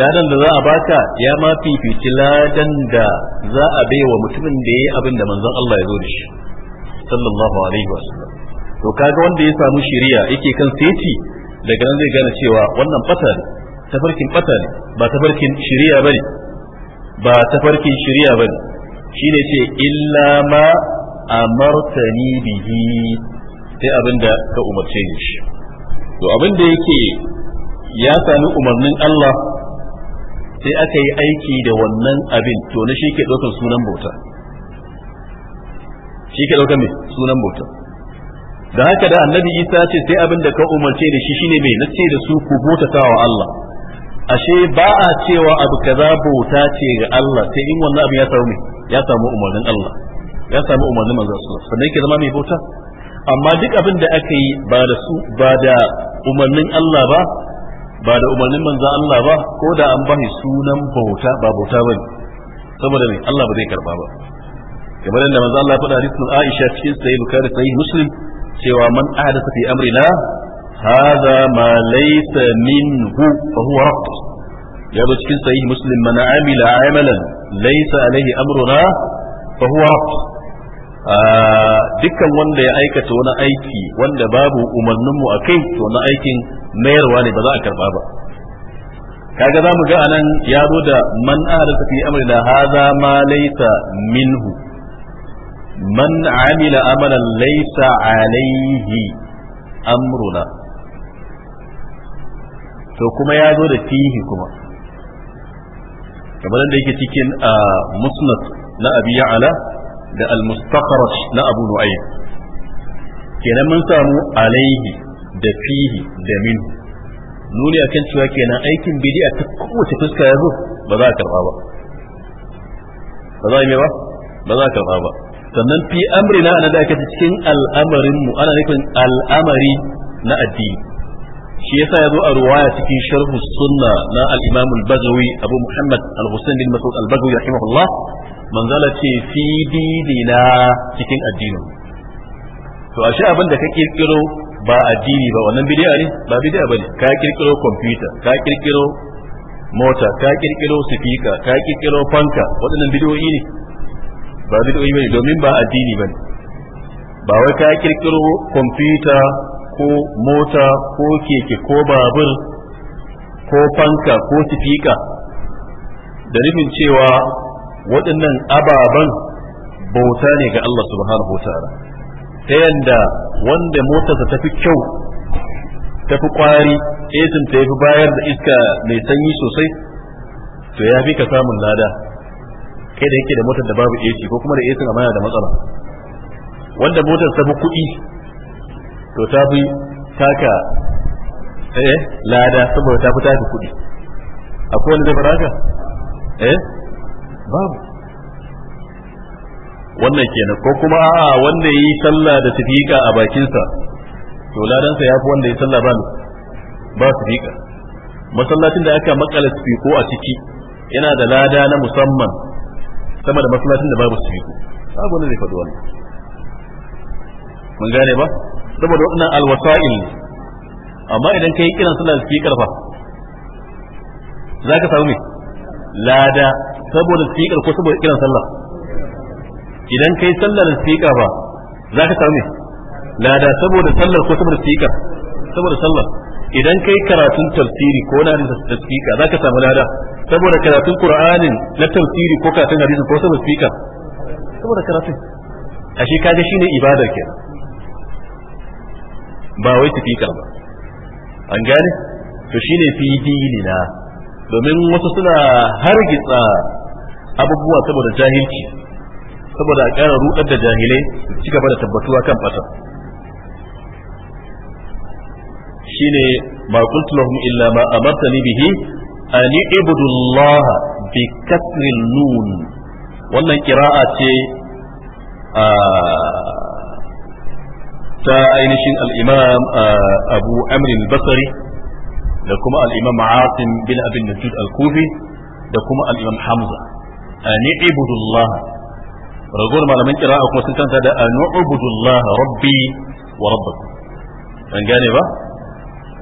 ladan da za a baka ya ma fifici ladan da za a baiwa mutumin da yayi abin da manzon Allah ya zo da shi sallallahu alaihi wasallam to kaga wanda ya samu shiriya yake kan seti daga nan zai gane cewa wannan fata ne tafarkin fata ne ba tafarkin shiriya bane ba tafarkin shiriya bane shine ce illa ma amartani bihi sai abin da ka umarce ni shi to abin da yake ya sami umarnin Allah sai aka yi aiki da wannan abin to na shi ke ɗaukar sunan bauta shi ke ɗaukar mai sunan bauta da haka da annabi isa ce sai abin da ka umarce da shi shine mai na ce da su ku bautata wa Allah ashe ba a cewa abu kaza bauta ce ga Allah sai in wannan abu ya samu ya samu umarnin Allah ya samu umarnin manzon Allah sannan yake zama mai bauta amma duk abin da aka yi ba da su ba da umarnin Allah ba ba da umarnin manzon Allah ba ko da an bahi sunan bauta ba bauta bane saboda ne Allah ba zai karba ba kamar da manzon Allah faɗa hadisin Aisha cikin sahih Bukhari sahih Muslim cewa man ahdatha fi amrina hadha ma laysa minhu fa huwa rad ya zo cikin sahih muslim man amila amalan laysa alaihi amruna fa huwa rad ah, dukkan wanda ya aikata wani aiki wanda babu umarninmu a kai to na aikin mayarwa ne ba za a karba ba kaga za mu ga anan ya zo da man ahdatha fi amrina hadha ma laysa minhu man amila amalan laysa alaihi amruna to kuma ya zo da fihi kuma kamar da yake cikin a musnad na abi ya'ala da al-mustakhraj na abu nu'aym kenan mun samu alaihi da fihi da min nuni akan cewa kenan aikin bid'a ta kowace fuska ya zo ba za a karba ba ba za a yi ba ba za a karba ba sannan fi na ana da aka cikin al'amarin mu ana nufin al'amari na addini shi yasa yazo a ruwaya cikin sharhu sunna na al-Imam al-Bazawi Abu Muhammad al-Husayn bin Mas'ud al-Bazawi rahimahullah manzala ce fi dinina cikin addinin to a shi abin da ka kirkiro ba addini ba wannan bidiya ne ba bidiya bane ka kirkiro kwamfuta ka kirkiro mota ka kirkiro sifika ka kirkiro fanka waɗannan bidiyoyi ne ba zai bid'o'i bane domin ba addini bane ba wai ka kirkiro kwamfuta ko mota ko keke ko babur ko fanka ko sifika da nufin cewa waɗannan ababen bauta ne ga Allah subhanahu ta'ala ta yanda wanda motarsa ta fi kyau ta fi kwari esin ta fi bayar da iska mai sanyi sosai to ya fi ka samun lada kai da yake da motar da babu AC ko kuma da AC amma da matsala wanda motar ta bi kuɗi to ta bi taka eh lada saboda ta fi taka kuɗi akwai wanda zai baraka eh babu wannan kenan ko kuma a'a wanda yi sallah da sifika a bakinsa to ladansa ya fi wanda yi sallah ba ba sifika masallacin da aka makala sifiko a ciki yana da lada na musamman sama da masallacin da babu sifiko babu wanda zai faɗi wannan mun gane ba saboda waɗannan alwasa'il amma idan kai kiran sallar sifikar fa zaka samu me lada saboda sifikar ko saboda kiran sallah idan kai sallar sifikar fa zaka samu me lada saboda sallar ko saboda karfa saboda sallar idan kai karatun tafsiri ko na da sifikar zaka samu lada saboda karatun qur'anin na tafsiri ko karatun hadisi ko saboda speaker saboda karatun ashe kaje shine ibadar ke ba wai speaker ba an gane to shine fi na. domin wasu suna hargitsa abubuwa saboda jahilci saboda a ƙara rudar da jahilai ci gaba da tabbatuwa kan fata shine ba qultu lahum illa ma amartani bihi ani ibudullah bi kasrin nun wannan kira'a ce ta ainihin al-imam abu amr basari da kuma al-imam bin abin najud al-kufi da kuma al hamza ani ibudullah ragowar malaman kira'a kuma sun tanta da ani ibudullah rabbi wa rabbakum an gane ba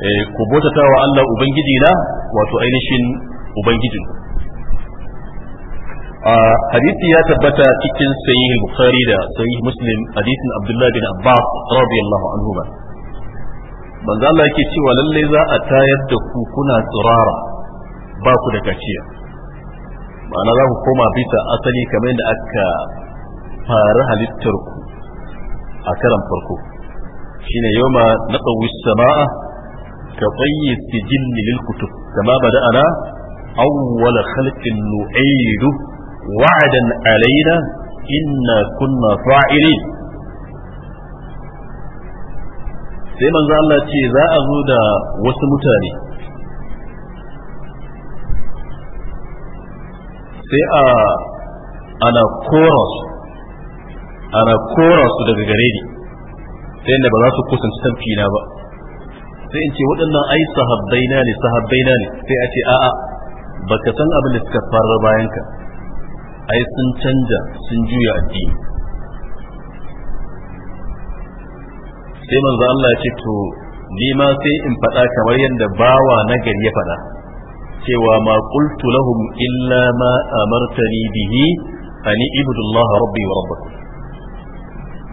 Eh, ku bautata wa Allah ubangiji na wato ainihin ubangijin hadisi ya tabbata cikin sahih bukhari da sahih muslim hadisin abdullah bin abbas radiyallahu anhu ba manzo Allah yake cewa lalle za a tayar da ku kuna tsirara ba ku da kaciya ma'ana za ku koma bisa asali kamar yadda aka fara halittar ku a karan farko shine yoma naqawi sama'a ka tsayi sijilli lil kutub kama bada'ana awwal khalqin nu'idu wa'dan alaina inna kunna fa'ilin sai manzo Allah ce za a zo da wasu mutane sai a ana koras ana daga gare ni sai da ba za su kusanci tamfi na ba sai in ce waɗannan ai sahabbaina ne sahabbaina ne sai a ce a'a baka san abin da suka fara bayan ka ai sun canja sun juya addini sai manzo Allah ya ce to ni ma sai in faɗa kamar yadda bawa na gari ya faɗa cewa ma qultu lahum illa ma amartani bihi ani ibudullaha rabbi wa rabbakum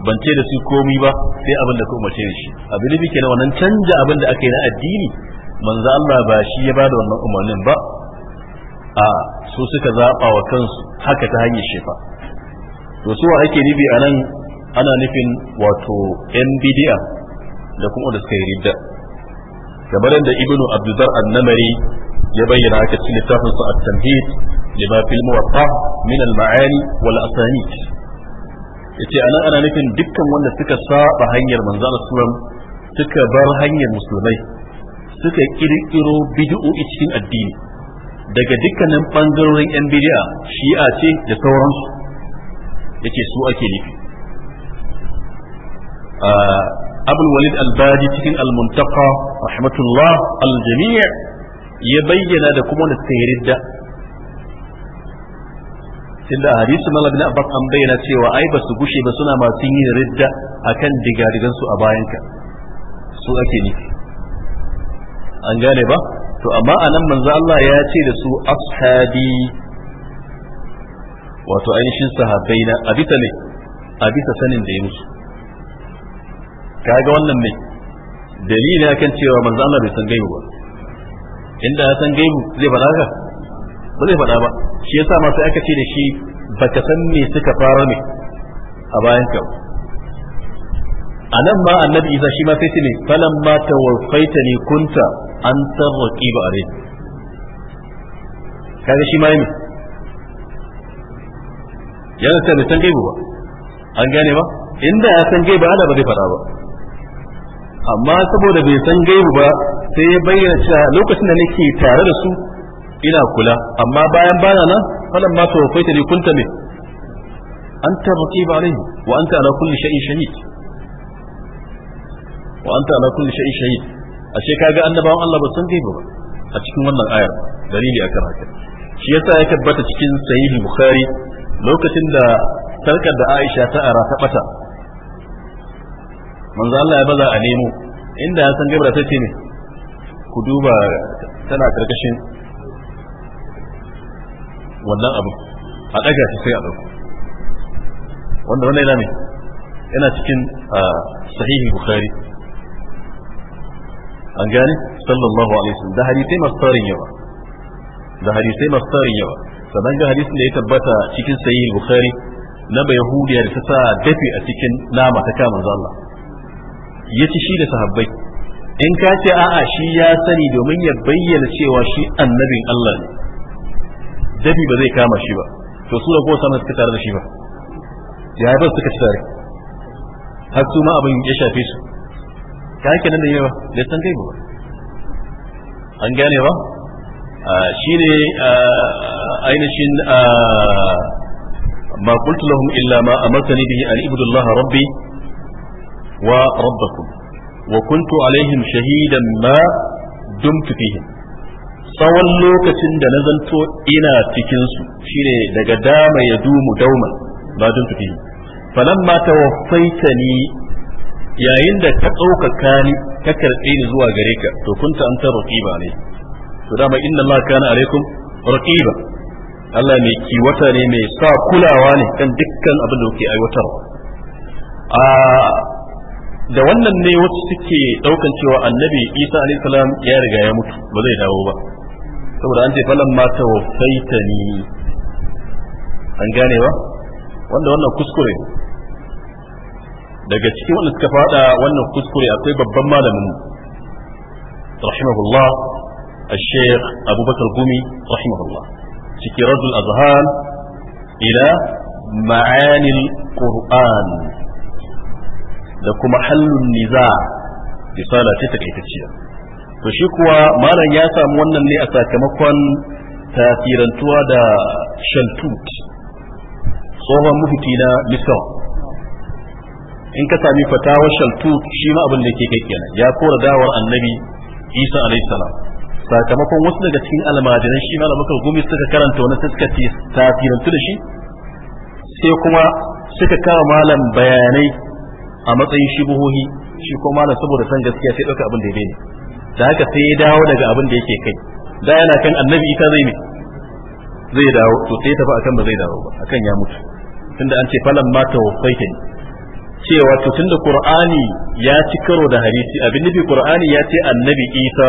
ban ce da su komi ba sai abin da ka umarce shi abin da kenan wannan canja abin da aka yi na addini manzo Allah ba shi ya bada wannan umarnin ba a su suka zaba wa kansu haka ta hanyar shefa to su ake nufi a nan ana nufin wato yan bidiya da kuma da suka yi ridda kamar da ibnu abduzar annamari ya bayyana aka cikin littafinsa at-tamhid lima fil muwatta min al-ma'ani wal asanid yace anan ana nufin dukkan wanda suka saba hanyar manzo Allah suka bar hanyar musulmai suka kirkiro bid'o'i cikin addini daga dukkanin bangarorin yan bid'a shi'a ce da sauransu yace su ake nufi abul walid al-badi cikin al-muntaqa rahmatullah al-jami' ya bayyana da kuma wanda suka yi tunda a hadisin Malik bin Abbas an bayyana cewa ai ba su gushe ba suna masu yin ridda akan digadigan su a bayanka su ake ni. an gane ba to amma anan manzo Allah ya ce da su ashabi wato ainihin sahabbai na a bisa ne a bisa sanin da ya musu kaga wannan ne dalili akan cewa manzo Allah bai san gaibu ba inda ya san gaibu zai ka ba zai faɗa ba shi yasa ma sai aka ce da shi baka san me suka fara ne a bayan ka a nan ma annabi isa shi ma sai ne falan ma tawaffaita ne kunta an san a rai kaga shi ma yi yana ta ne san gaibu ba an gane ba inda ya san gaibu ana ba zai faɗa ba amma saboda bai san gaibu ba sai ya bayyana cewa lokacin da nake tare da su ina kula amma bayan bana nan falan ma tawaffaita li kunta me anta raqib alaihi wa anta ala kulli shay'in shahid wa anta ala kulli shay'in shahid ashe kaga annabawan Allah ba san gaiba ba a cikin wannan ayar dalili akan haka shi yasa ya tabbata cikin sahihi bukhari lokacin da sarkar da Aisha ta ara ta bata manzo Allah ya baza a nemo inda ya san gaiba ta ce ne ku duba tana karkashin wannan abin a ɗaga shi sai a ɗauko wanda wannan yana ne yana cikin sahihin bukhari an gani sallallahu alaihi wasallam da hadisai masu tarin yawa da hadisai masu tarin yawa sannan ga hadisin da ya tabbata cikin sahihin bukhari na bai hudiya da ta sa dafi a cikin nama ta kama Allah ya ci shi da sahabbai in ka ce a'a shi ya sani domin ya bayyana cewa shi annabin Allah ne dafi ba zai kama shi ba to su da kowace suka tare da shi ba ya haifar suka ci tare har su ma abin ya shafe su ka haka nan da yawa da san gaibu ba an gane ba shi ne ainihin ma qultu lahum illa ma amartani bihi an ibudu Allah rabbi wa rabbakum wa kuntu alaihim shahidan ma dumtu fihim tsawon lokacin da na zanto ina cikin su shine daga dama ya dumu dauma ba dun tafi ma tawaffaitani yayin da ka ɗaukaka ni ka karbe ni zuwa gare ka to kunta an anta raqiba ne to dama inna Allah kana alaikum raqiba Allah mai kiwata ne mai sa kulawa ne kan dukkan abin da kuke aiwatar a da wannan ne wasu suke daukan cewa annabi Isa alaihi salam ya riga ya mutu ba zai dawo ba saboda an ce falan mata tawaffaita ni an gane ba wanda wannan kuskure daga cikin wanda suka fada wannan kuskure akwai babban malamin rahimahullah الشيخ أبو بكر القومي رحمه الله في رد الأذهان إلى معاني القرآن لكم حل النزاع رسالة تتكيتشيه to shi kuwa malam ya samu wannan ne a sakamakon tasirantuwa da shaltut tsohon mufti na misau in ka sami fatawar shaltut shi ma abin da ke kai ya kora dawar annabi isa alayhi sakamakon wasu daga cikin almajiran shi malam bakar gumi suka karanta wani suka tasirantu da shi sai kuma suka kawo malam bayanai a matsayin shubuhohi shi ko malam saboda san gaskiya sai ɗauka abin daidai ne da haka sai ya dawo daga abin da yake kai da yana kan annabi ita zai ne zai dawo to sai tafi akan ba zai dawo ba akan ya mutu tunda an ce falan ma tawaffaita ne cewa to tunda qur'ani ya ci karo da hadisi abin nufi qur'ani ya ce annabi isa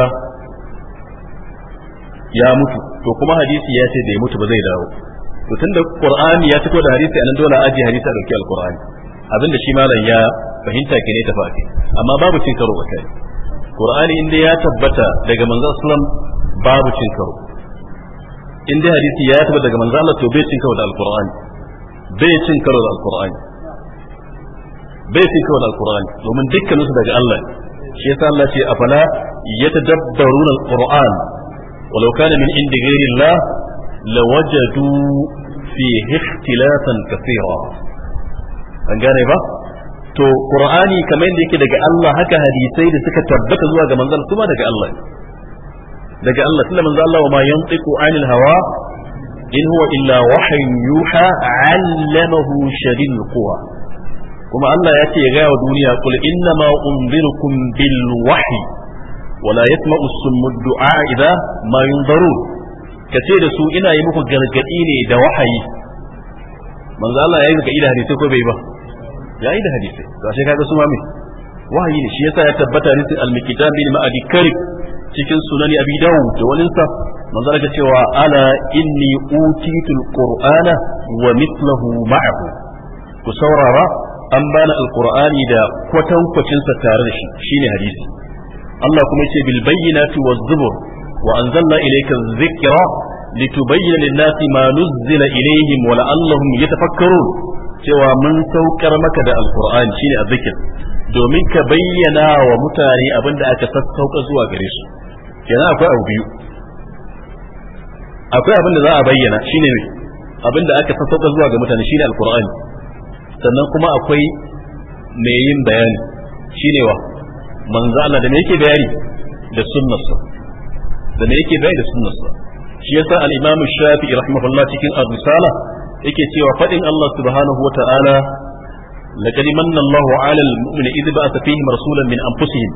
ya mutu to kuma hadisi ya ce da ya mutu ba zai dawo to tunda qur'ani ya ci karo da hadisi anan dole a aje hadisi a dauki alqur'ani abinda shi malam ya fahimta ke ne tafi amma babu cin karo ba kai qur'ani inda ya tabbata daga manzon sallam babu cin karo inda hadisi ya tabbata daga manzon Allah to bai cin karo da alqur'ani bai cin karo da alqur'ani bai cin karo da alqur'ani domin dukkanin su daga Allah shi yasa Allah ce afala yatadabbaruna alqur'an walau kana min indi ghairi Allah lawajadu fihi ikhtilafan kathira an gane ba to qur'ani kamar yadda yake daga Allah haka hadisai da suka tabbata zuwa ga manzon kuma daga Allah daga Allah tunda manzon Allah wa ma yantiqu anil hawa in huwa illa wahyun yuha 'allamahu shadidul quwa kuma Allah ya ce ya gaya wa duniya kul inna ma unzirukum bil wahyi wa wala yasma'u summu du'a idza ma yunzaru kace da su ina yi muku gargadi ne da wahayi manzo Allah ya yi ga ida hadisi ko bai ba yayi da hadisi to ashe ga su ma wahayi ne shi yasa ya tabbata hadisin al-miqdam bin ma'adi karib cikin sunani abi dawud da wani sa manzo daga cewa ala inni utitul qur'ana wa mithluhu ma'ahu ku saurara an al alqur'ani da kwatankwacinsa sa tare da shi shine hadisi Allah kuma yace bil bayyinati waz zubur wa anzalna ilayka dhikra litubayyana lin-nasi ma nuzzila ilayhim wa la'allahum yatafakkarun cewa mun saukar maka da alqur'ani shine azzikir domin ka bayyana wa mutane abin da aka sassauka zuwa gare su kenan akwai abu biyu akwai abin da za a bayyana shine ne abin da aka sassauka zuwa ga mutane shine alqur'ani sannan kuma akwai mai yin bayani shine wa manzo Allah da me yake bayani da sunnarsa da me yake bayani da sunnarsa shi yasa al-Imam Shafi'i rahimahullah cikin ar-Risala yake cewa faɗin Allah subhanahu wata'ala laqad manna Allahu 'ala al-mu'mini idh ba'atha fihim rasulan min anfusihim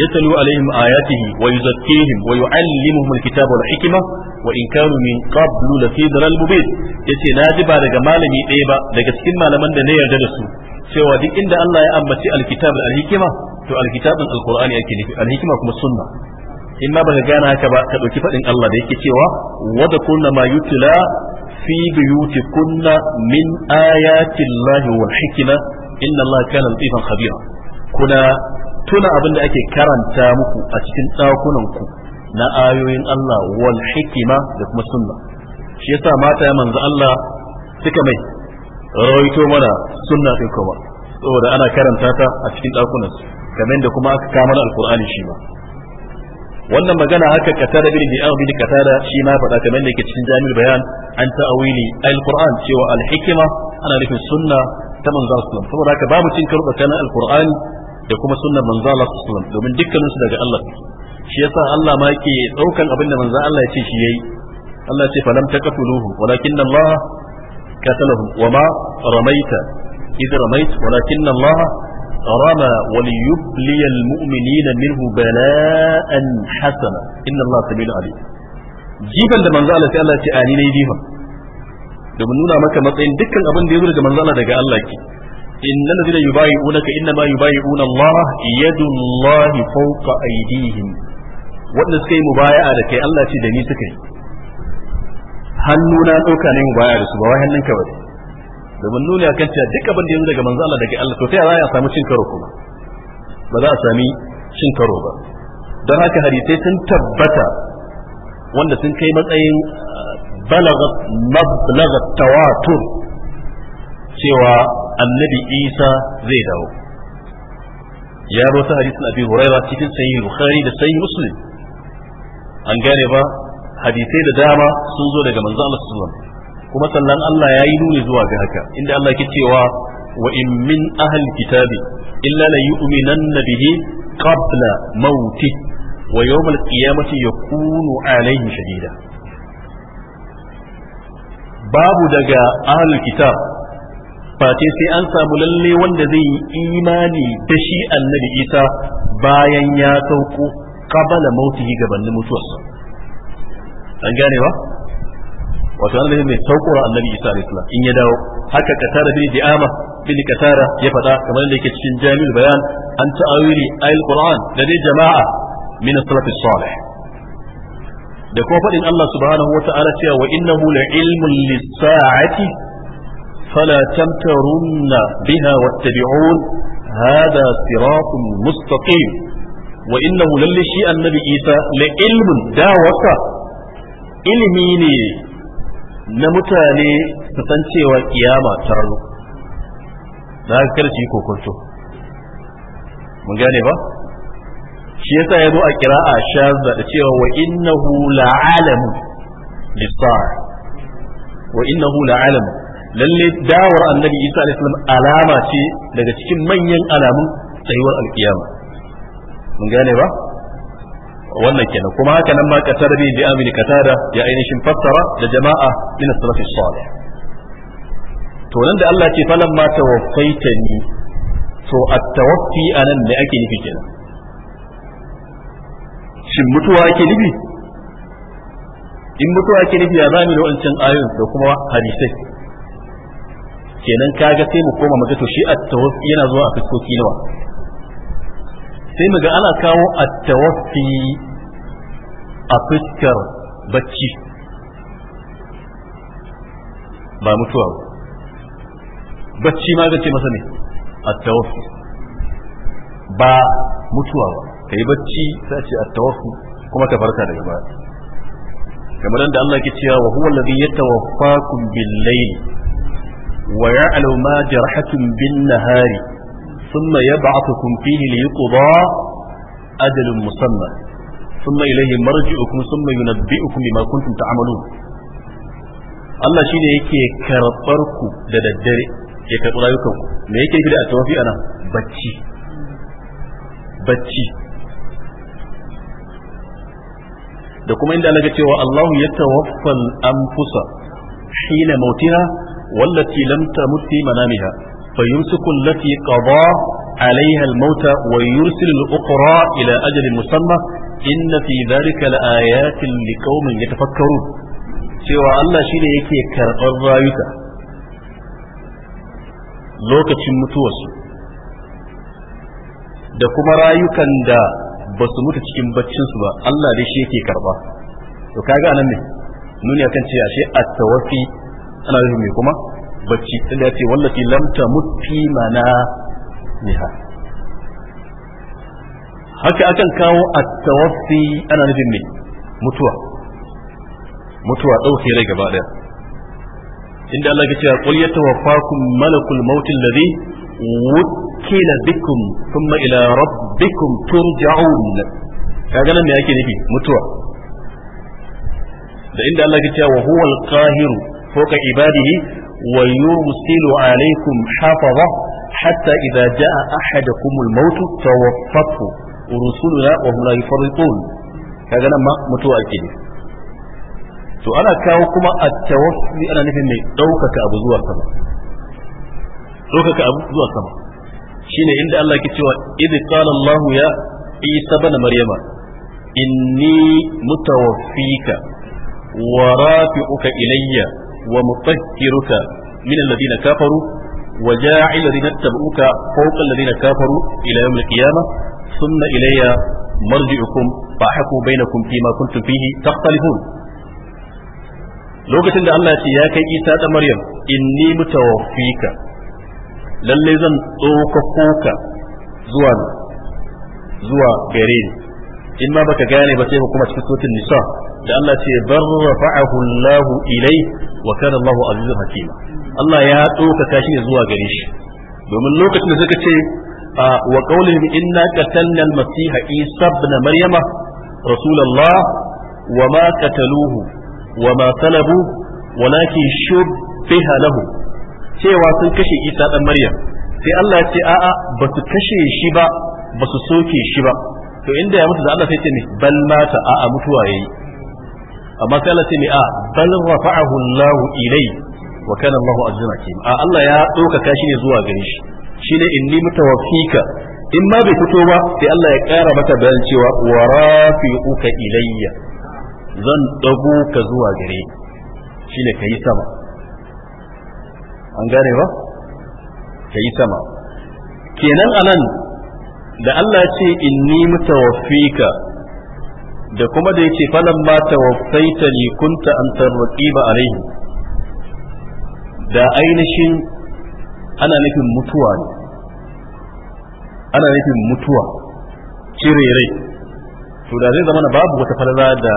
yatlu 'alayhim ayatihi wa yuzakkihim wa yu'allimuhum al-kitaba wal hikma wa in kanu min qablu la fi dhalal mubin yace na ji ba daga malami ɗaya ba daga cikin malaman da na yarda da su cewa duk inda Allah ya ambaci al-kitab al to al-kitabun al-qur'ani yake nufi al-hikma kuma sunna in ma baka gane haka ba ka dauki faɗin Allah da yake cewa wa da kunna ma yutla fi buyutikunna min ayati Allah wal hikma inna Allah kana latifan khabira kuna tuna abin da ake karanta muku a cikin dakunan ku na ayoyin Allah wal da kuma sunna shi yasa mata ya Allah suka mai rawaito mana sunna din kuma saboda ana karanta ta a cikin dakunan su kamar da kuma aka kama alqur'ani shi ba wannan magana haka katara bin bi'an bin katara shi ma faɗa kamar da yake cikin jami'ul bayan an ta'awili al-qur'an cewa al-hikma ana nufin sunna ta manzo sallallahu saboda haka babu cin karo tsakanin al-qur'ani da kuma sunnar manzo sallallahu domin dukkanin su daga Allah shi yasa Allah ma yake daukan abin da manzo Allah ya ce shi yayi Allah ya ce falam taqatuluhu walakin Allah qatalahu wama ramaita idh ramait walakin Allah رمى وليبلي المؤمنين منه بلاء حسنا إن الله سميع عليم جيبا da manzo Allah sai Allah ce ani nayi jifan domin nuna maka matsayin dukkan abin da ya zo daga manzo Allah daga Allah ke inna allazina yubayi'unaka inna ma yubayi'una Allah yadullahi fawqa aydihim wanda suka yi mubaya'a da kai Allah ce da ni suka yi hannu ne mubaya'a da su ba wai hannun ka domin nuni kan cewa duk abin da yanzu daga manzo Allah daga Allah to ta ya samu cin karo kuma ba za a sami cin karo ba don haka hadisai sun tabbata wanda sun kai matsayin uh, balagat mablagat tawatur cewa annabi Isa zai dawo ya rota hadisin abi huraira cikin sahih bukhari da sahih muslim an gane ba hadisai da dama sun zo daga manzo Allah sallallahu alaihi wasallam kuma sannan Allah ya yi nuni zuwa ga haka inda Allah ke cewa wa in min ahli kitabi illa la yu'minanna bihi qabla mauti wa yawm al-qiyamati yakunu alayhi shadida babu daga ahli kitab face sai an samu lalle wanda zai yi imani da shi annabi Isa bayan ya sauko qabla mautihi gabanin mutuwarsa an gane ba wato annabi mai saukura annabi isa alayhi salam in ya dawo haka katara bin di'ama bin katara ya faɗa kamar da yake cikin jami'ul bayan an ta'awili ayil qur'an da dai jama'a min as-salaf salih da kuma faɗin Allah subhanahu wa ta'ala cewa wa innahu la ilmun lis-sa'ati fala tamtarunna biha wattabi'un hada siratun mustaqim wa innahu lalle shi annabi isa la ilmun dawaka ilimi ne na mutane su san cewa kiyama ta rano na haka yi kokonto mun gane ba shi yasa ya zo a kira'a shazza da cewa wa innahu la'alamu bisar wa innahu la'alamu lalle dawar annabi isa alaihi salam alama ce daga cikin manyan alamun tsayuwar alkiyama mun gane ba wannan kenan kuma haka nan ma qatar bi bi amil qatada ya ainihin fassara da jama'a min as-salaf salih to nan da Allah ce falan ma tawaffaitani to at-tawaffi anan ne ake nufi kenan shin mutuwa ake nufi in mutuwa ake nufi ya zamu da wancan ayoyin da kuma hadisai kenan kaga sai mu koma mu to shi at-tawaffi yana zuwa a fuskoki nawa sai mu ga ana kawo at-tawaffi a fuskar bacci ba mutuwa ba bacci ma zai masa ne a tawafi ba mutuwa ba ka yi bacci sai ce a tawafi kuma ka farka daga baya kamar da Allah ke cewa wa huwa alladhi yatawaffakum bil-layl wa ya'lamu ma jarhatum bin-nahari thumma yab'athukum fihi liyuqda ajalun musamma ثم إليه مرجعكم ثم ينبئكم بما كنتم تعملون Allah shi ne yake karɓarku da daddare ya karɓi rayukanku me yake fi da tawafi ana bacci bacci da kuma inda Allah cewa Allahu ya tawaffal anfusa hina mautiha wallati lam tamut fi manamiha fayumsiku allati qada alaiha al-mauta wa yursilu al-ukhra ila ajalin musamma In inna fi dhalika laayatin liqaumin yatafakkarun cewa Allah shine yake karɓar rayuka lokacin mutuwarsu da kuma rayukan da ba su mutu cikin baccinsu ba Allah dai shi yake karɓa to kaga anan ne nuni akan ce ashe at-tawaffi ana nufin me kuma bacci tunda ce wallafi lam tamut mana niha haka akan kawo a tawaffi ana nufin me mutuwa mutuwa dauke rai gaba daya inda Allah ya ce qul yatawaffakum malakul maut alladhi wukila bikum thumma ila rabbikum turja'un kaga nan me yake nufi mutuwa da inda Allah ya ce wa huwal qahiru fawqa ibadihi wa yursilu alaykum hafaza hatta idza jaa ahadakum al-maut tawaffatu rusuluna wa hum la yufarritun kaga nan mutuwa ake ne to ana kawo kuma at-tawaffi ana nufin mai daukaka abu zuwa sama shine inda Allah ke cewa id qala Allah ya Isa ibn Maryama inni mutawaffika wa ilayya wa mutahhiruka min alladhina kafaru وجاعل الذين اتبعوك فوق الذين كفروا يوم thumma ilayya marji'ukum fa hakum bainakum fima kuntum fihi takhtalifun lokacin da Allah ya ya kai Isa da Maryam inni mutawaffika lalle zan tsokako ka zuwa zuwa in ma baka gane ba sai kuma cikin nisa da Allah ce bar rafa'ahu Allah ilai wa kana Allah azizun hakima Allah ya ɗaukaka shi zuwa gare shi domin lokacin da suka ce A wa qawlihim inna qatalna al-masih isa ibn maryama rasulullah wa ma qataluhu wa ma salabu walakin shubbiha lahu cewa sun kashe isa dan maryam sai Allah ya ce a'a basu kashe shi ba basu soke shi ba to inda ya mutu da Allah sai ce ne bal mata a'a mutuwa yayi amma sai Allah ce ne a bal rafa'ahu wa kana Allahu a Allah ya ɗaukaka shi ne zuwa gare shi shine inni mutawaffika in ma bai fito ba sai Allah ya ƙara mata bayan cewa wa rafi'uka ilayya zan dago ka zuwa gare shine kai sama an gane ba kai sama kenan anan da Allah ya ce inni mutawaffika da kuma da yace falan ma tawaffaita ni kunta antar raqiba alaihi da ainihin ana nufin mutuwa ne ana nufin mutuwa cire rai to da zai zama na babu wata falala da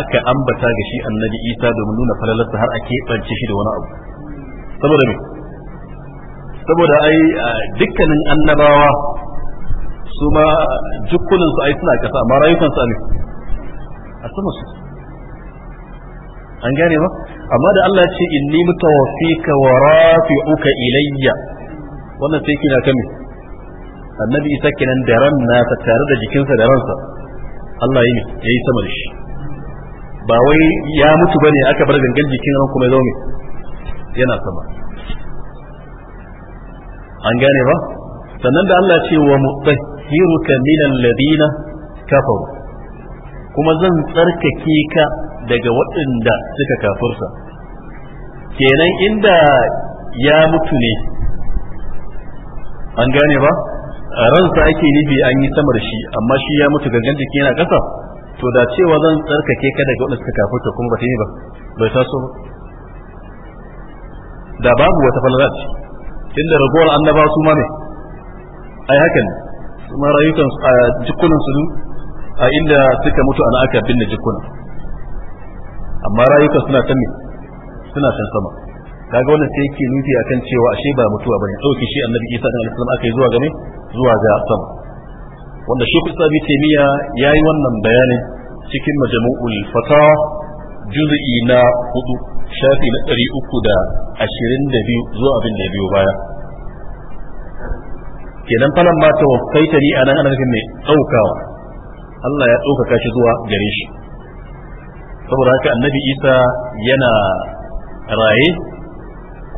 aka ambata ga shi annabi isa domin nuna falalarsa har a keɓance shi da wani abu saboda me saboda ai dukkanin annabawa su ma jukkunansu ai suna ƙasa amma rayukansu a ne a sama su an gane ba amma da Allah ce inni mutawaffika wa rafi'uka ilayya wannan sai kina kame annabi isa kenan da ran nasa tare da jikinsa da ransa Allah yi yayi sama da shi ba wai ya mutu bane aka bar gangan jikin ran kuma zaune yana sama an gane ba sannan da Allah ce wa mutahhiruka minal ladina kafaru kuma zan tsarkake ka daga waɗanda suka kafursa kenan inda ya mutu ne an gane ba ransa ake nufi an yi samar shi amma shi ya mutu gangan jiki yana ƙasa to da cewa zan tsarkake ka daga waɗanda suka kafurta kuma ba ta yi ba bai taso ba da babu wata falala ce tunda ragowar annabawa su ma ne ai hakan ma rayukan jikunan su a inda suka mutu ana aka binne jikuna amma rayuka suna ta ne suna can sama kaga wannan sai yake nufi akan cewa ashe ba mutuwa bane dauki shi annabi Isa alaihi salam aka yi zuwa ga me zuwa ga sama wanda shi kusa bi temiya yayi wannan bayanin cikin majmu'ul fata juz'i na hudu shafi na 322 uku da ashirin da biyu zuwa abin da biyu baya kenan falan ma ta wafaita ni anan ana nufin mai daukawa Allah ya ɗaukaka shi zuwa gare shi saboda haka annabi isa yana raye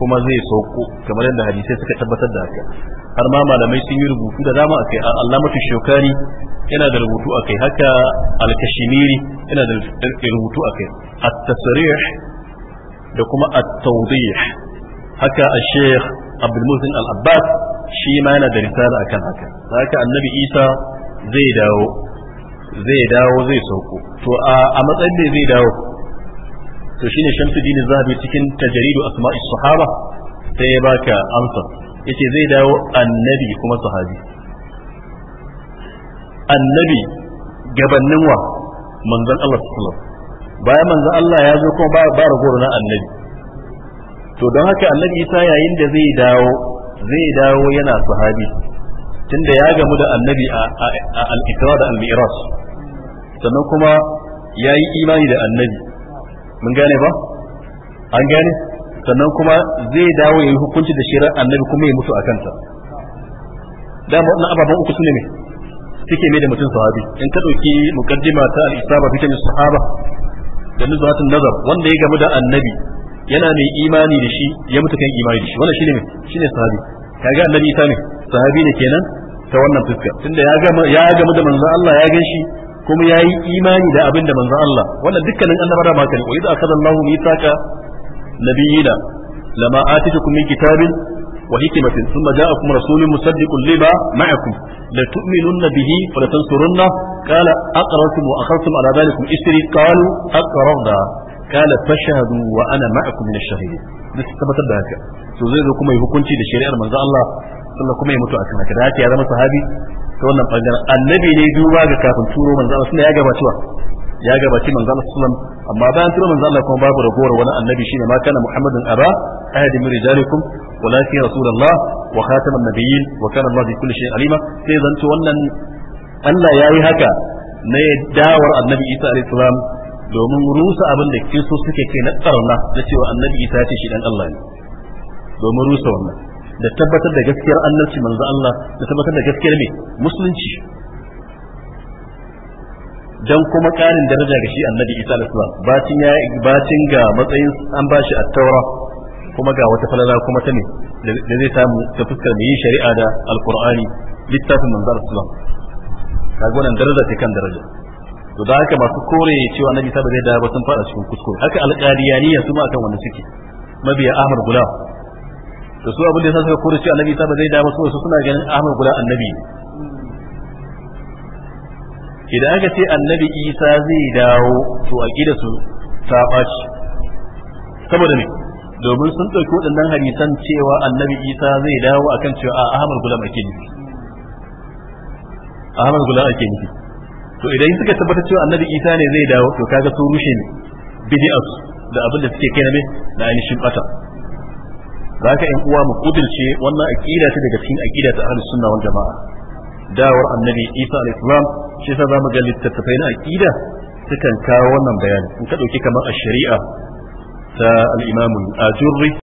kuma zai sauko kamar yadda hadisai suka tabbatar da haka har ma malamai sun yi rubutu da dama akai alamatu shokari yana da rubutu kai haka alkashimiri yana da rubutu kai. at-tasrih da kuma at-tawdih haka al-sheikh abdul muhsin al-abbas shi ma yana da risala akan haka haka annabi isa zai dawo zai dawo zai sauko to a matsayin da zai dawo to shine shamsu dini zahabi cikin tajaridu asma'i sahaba sai ya baka amsa yace zai dawo annabi kuma sahabi annabi gabanin wa manzon Allah sallallahu bayan manzon Allah ya zo kuma ba ragowar na annabi to don haka annabi Isa yayin da zai dawo zai dawo yana sahabi tunda ya gamu da annabi a al-Isra da al-Mi'raj sannan kuma ya yi imani da annabi mun gane ba an gane sannan kuma zai dawo ya yi hukunci da shirar annabi kuma ya mutu a kanta dama wannan ababen uku sune ne suke mai da mutum sahabi in ka ɗauki mukaddima ta al-isaba fi tamis sahaba da nuzatun nazar wanda ya gamu da annabi yana mai imani da shi ya mutu kan imani da shi wannan shine shine sahabi kaga annabi isa ne sahabi ne kenan ta wannan fuska tunda ya gama da manzon Allah ya shi kuma ya yi imani da abin da manzon Allah wannan dukkanin annabawa ma kan wa idza akhadallahu mithaqa nabiyina lama atitukum min kitabin wa hikmatin thumma ja'akum rasulun musaddiqun lima ma'akum la tu'minunna bihi wa la tansurunna qala aqrartum wa akhadtum ala dhalikum isri qalu aqrarna قال فاشهدوا وانا معكم من الشهيدين duk tabbatar da haka to zai zo kuma yi hukunci da shari'ar manzo Allah sannan kuma ya mutu akan haka da ya zama sahabi ta wannan bangaren annabi ne duba ga kafin turo manzo Allah sunna ya gabacewa ya gabaci manzo Allah sallam amma bayan turo manzo Allah kuma babu ragowar wani annabi shine ma kana muhammadun aba ahadin min rijalikum walakin rasulullah wa khataman nabiyyin wa kana Allah bi kulli shay'in alima sai zanto wannan Allah yayi haka na dawar annabi Isa alayhi salam domin rusa abin da kristo suke kai na tsarna da cewa annabi Isa ce shi dan Allah ne domin rusa wannan da tabbatar da gaskiyar annabci manzo Allah da tabbatar da gaskiyar mai musulunci dan kuma karin daraja ga shi annabi Isa alaihi salam bacin ya bacin ga matsayin an bashi at-taura kuma ga wata falala kuma ta ne da zai samu ta fuskar mai yin shari'a da alqur'ani littafin manzo alaihi salam kaga wannan daraja ce kan daraja to da haka masu kore cewa annabi Isa ba zai dawo ba sun fara cikin kuskure haka alqadiyaniya su ma akan wanda suke mabiya Ahmad Gulam da su abin da ya suka kore cewa annabi isa ba zai dawo su su suna ganin ahmad guda annabi idan aka ce annabi isa zai dawo to a gida su ta ɓaci saboda ne domin sun ɗauki waɗannan hadisan cewa annabi isa zai dawo akan cewa a ahmad guda ake nufi ahmad guda ake nufi to idan suka tabbata cewa annabi isa ne zai dawo to kaga su rushe ne bid'atu da abin da suke kai na na ainihin bata za ka yan uwa mu kudirce wannan aqida ce daga cikin aqida ta ahlus sunna wal jama'a dawar annabi Isa alayhi salam shi yasa zamu ga littattafai na aqida sukan kawo wannan bayani in ka dauki kamar a shari'a ta al-Imam al-Ajurri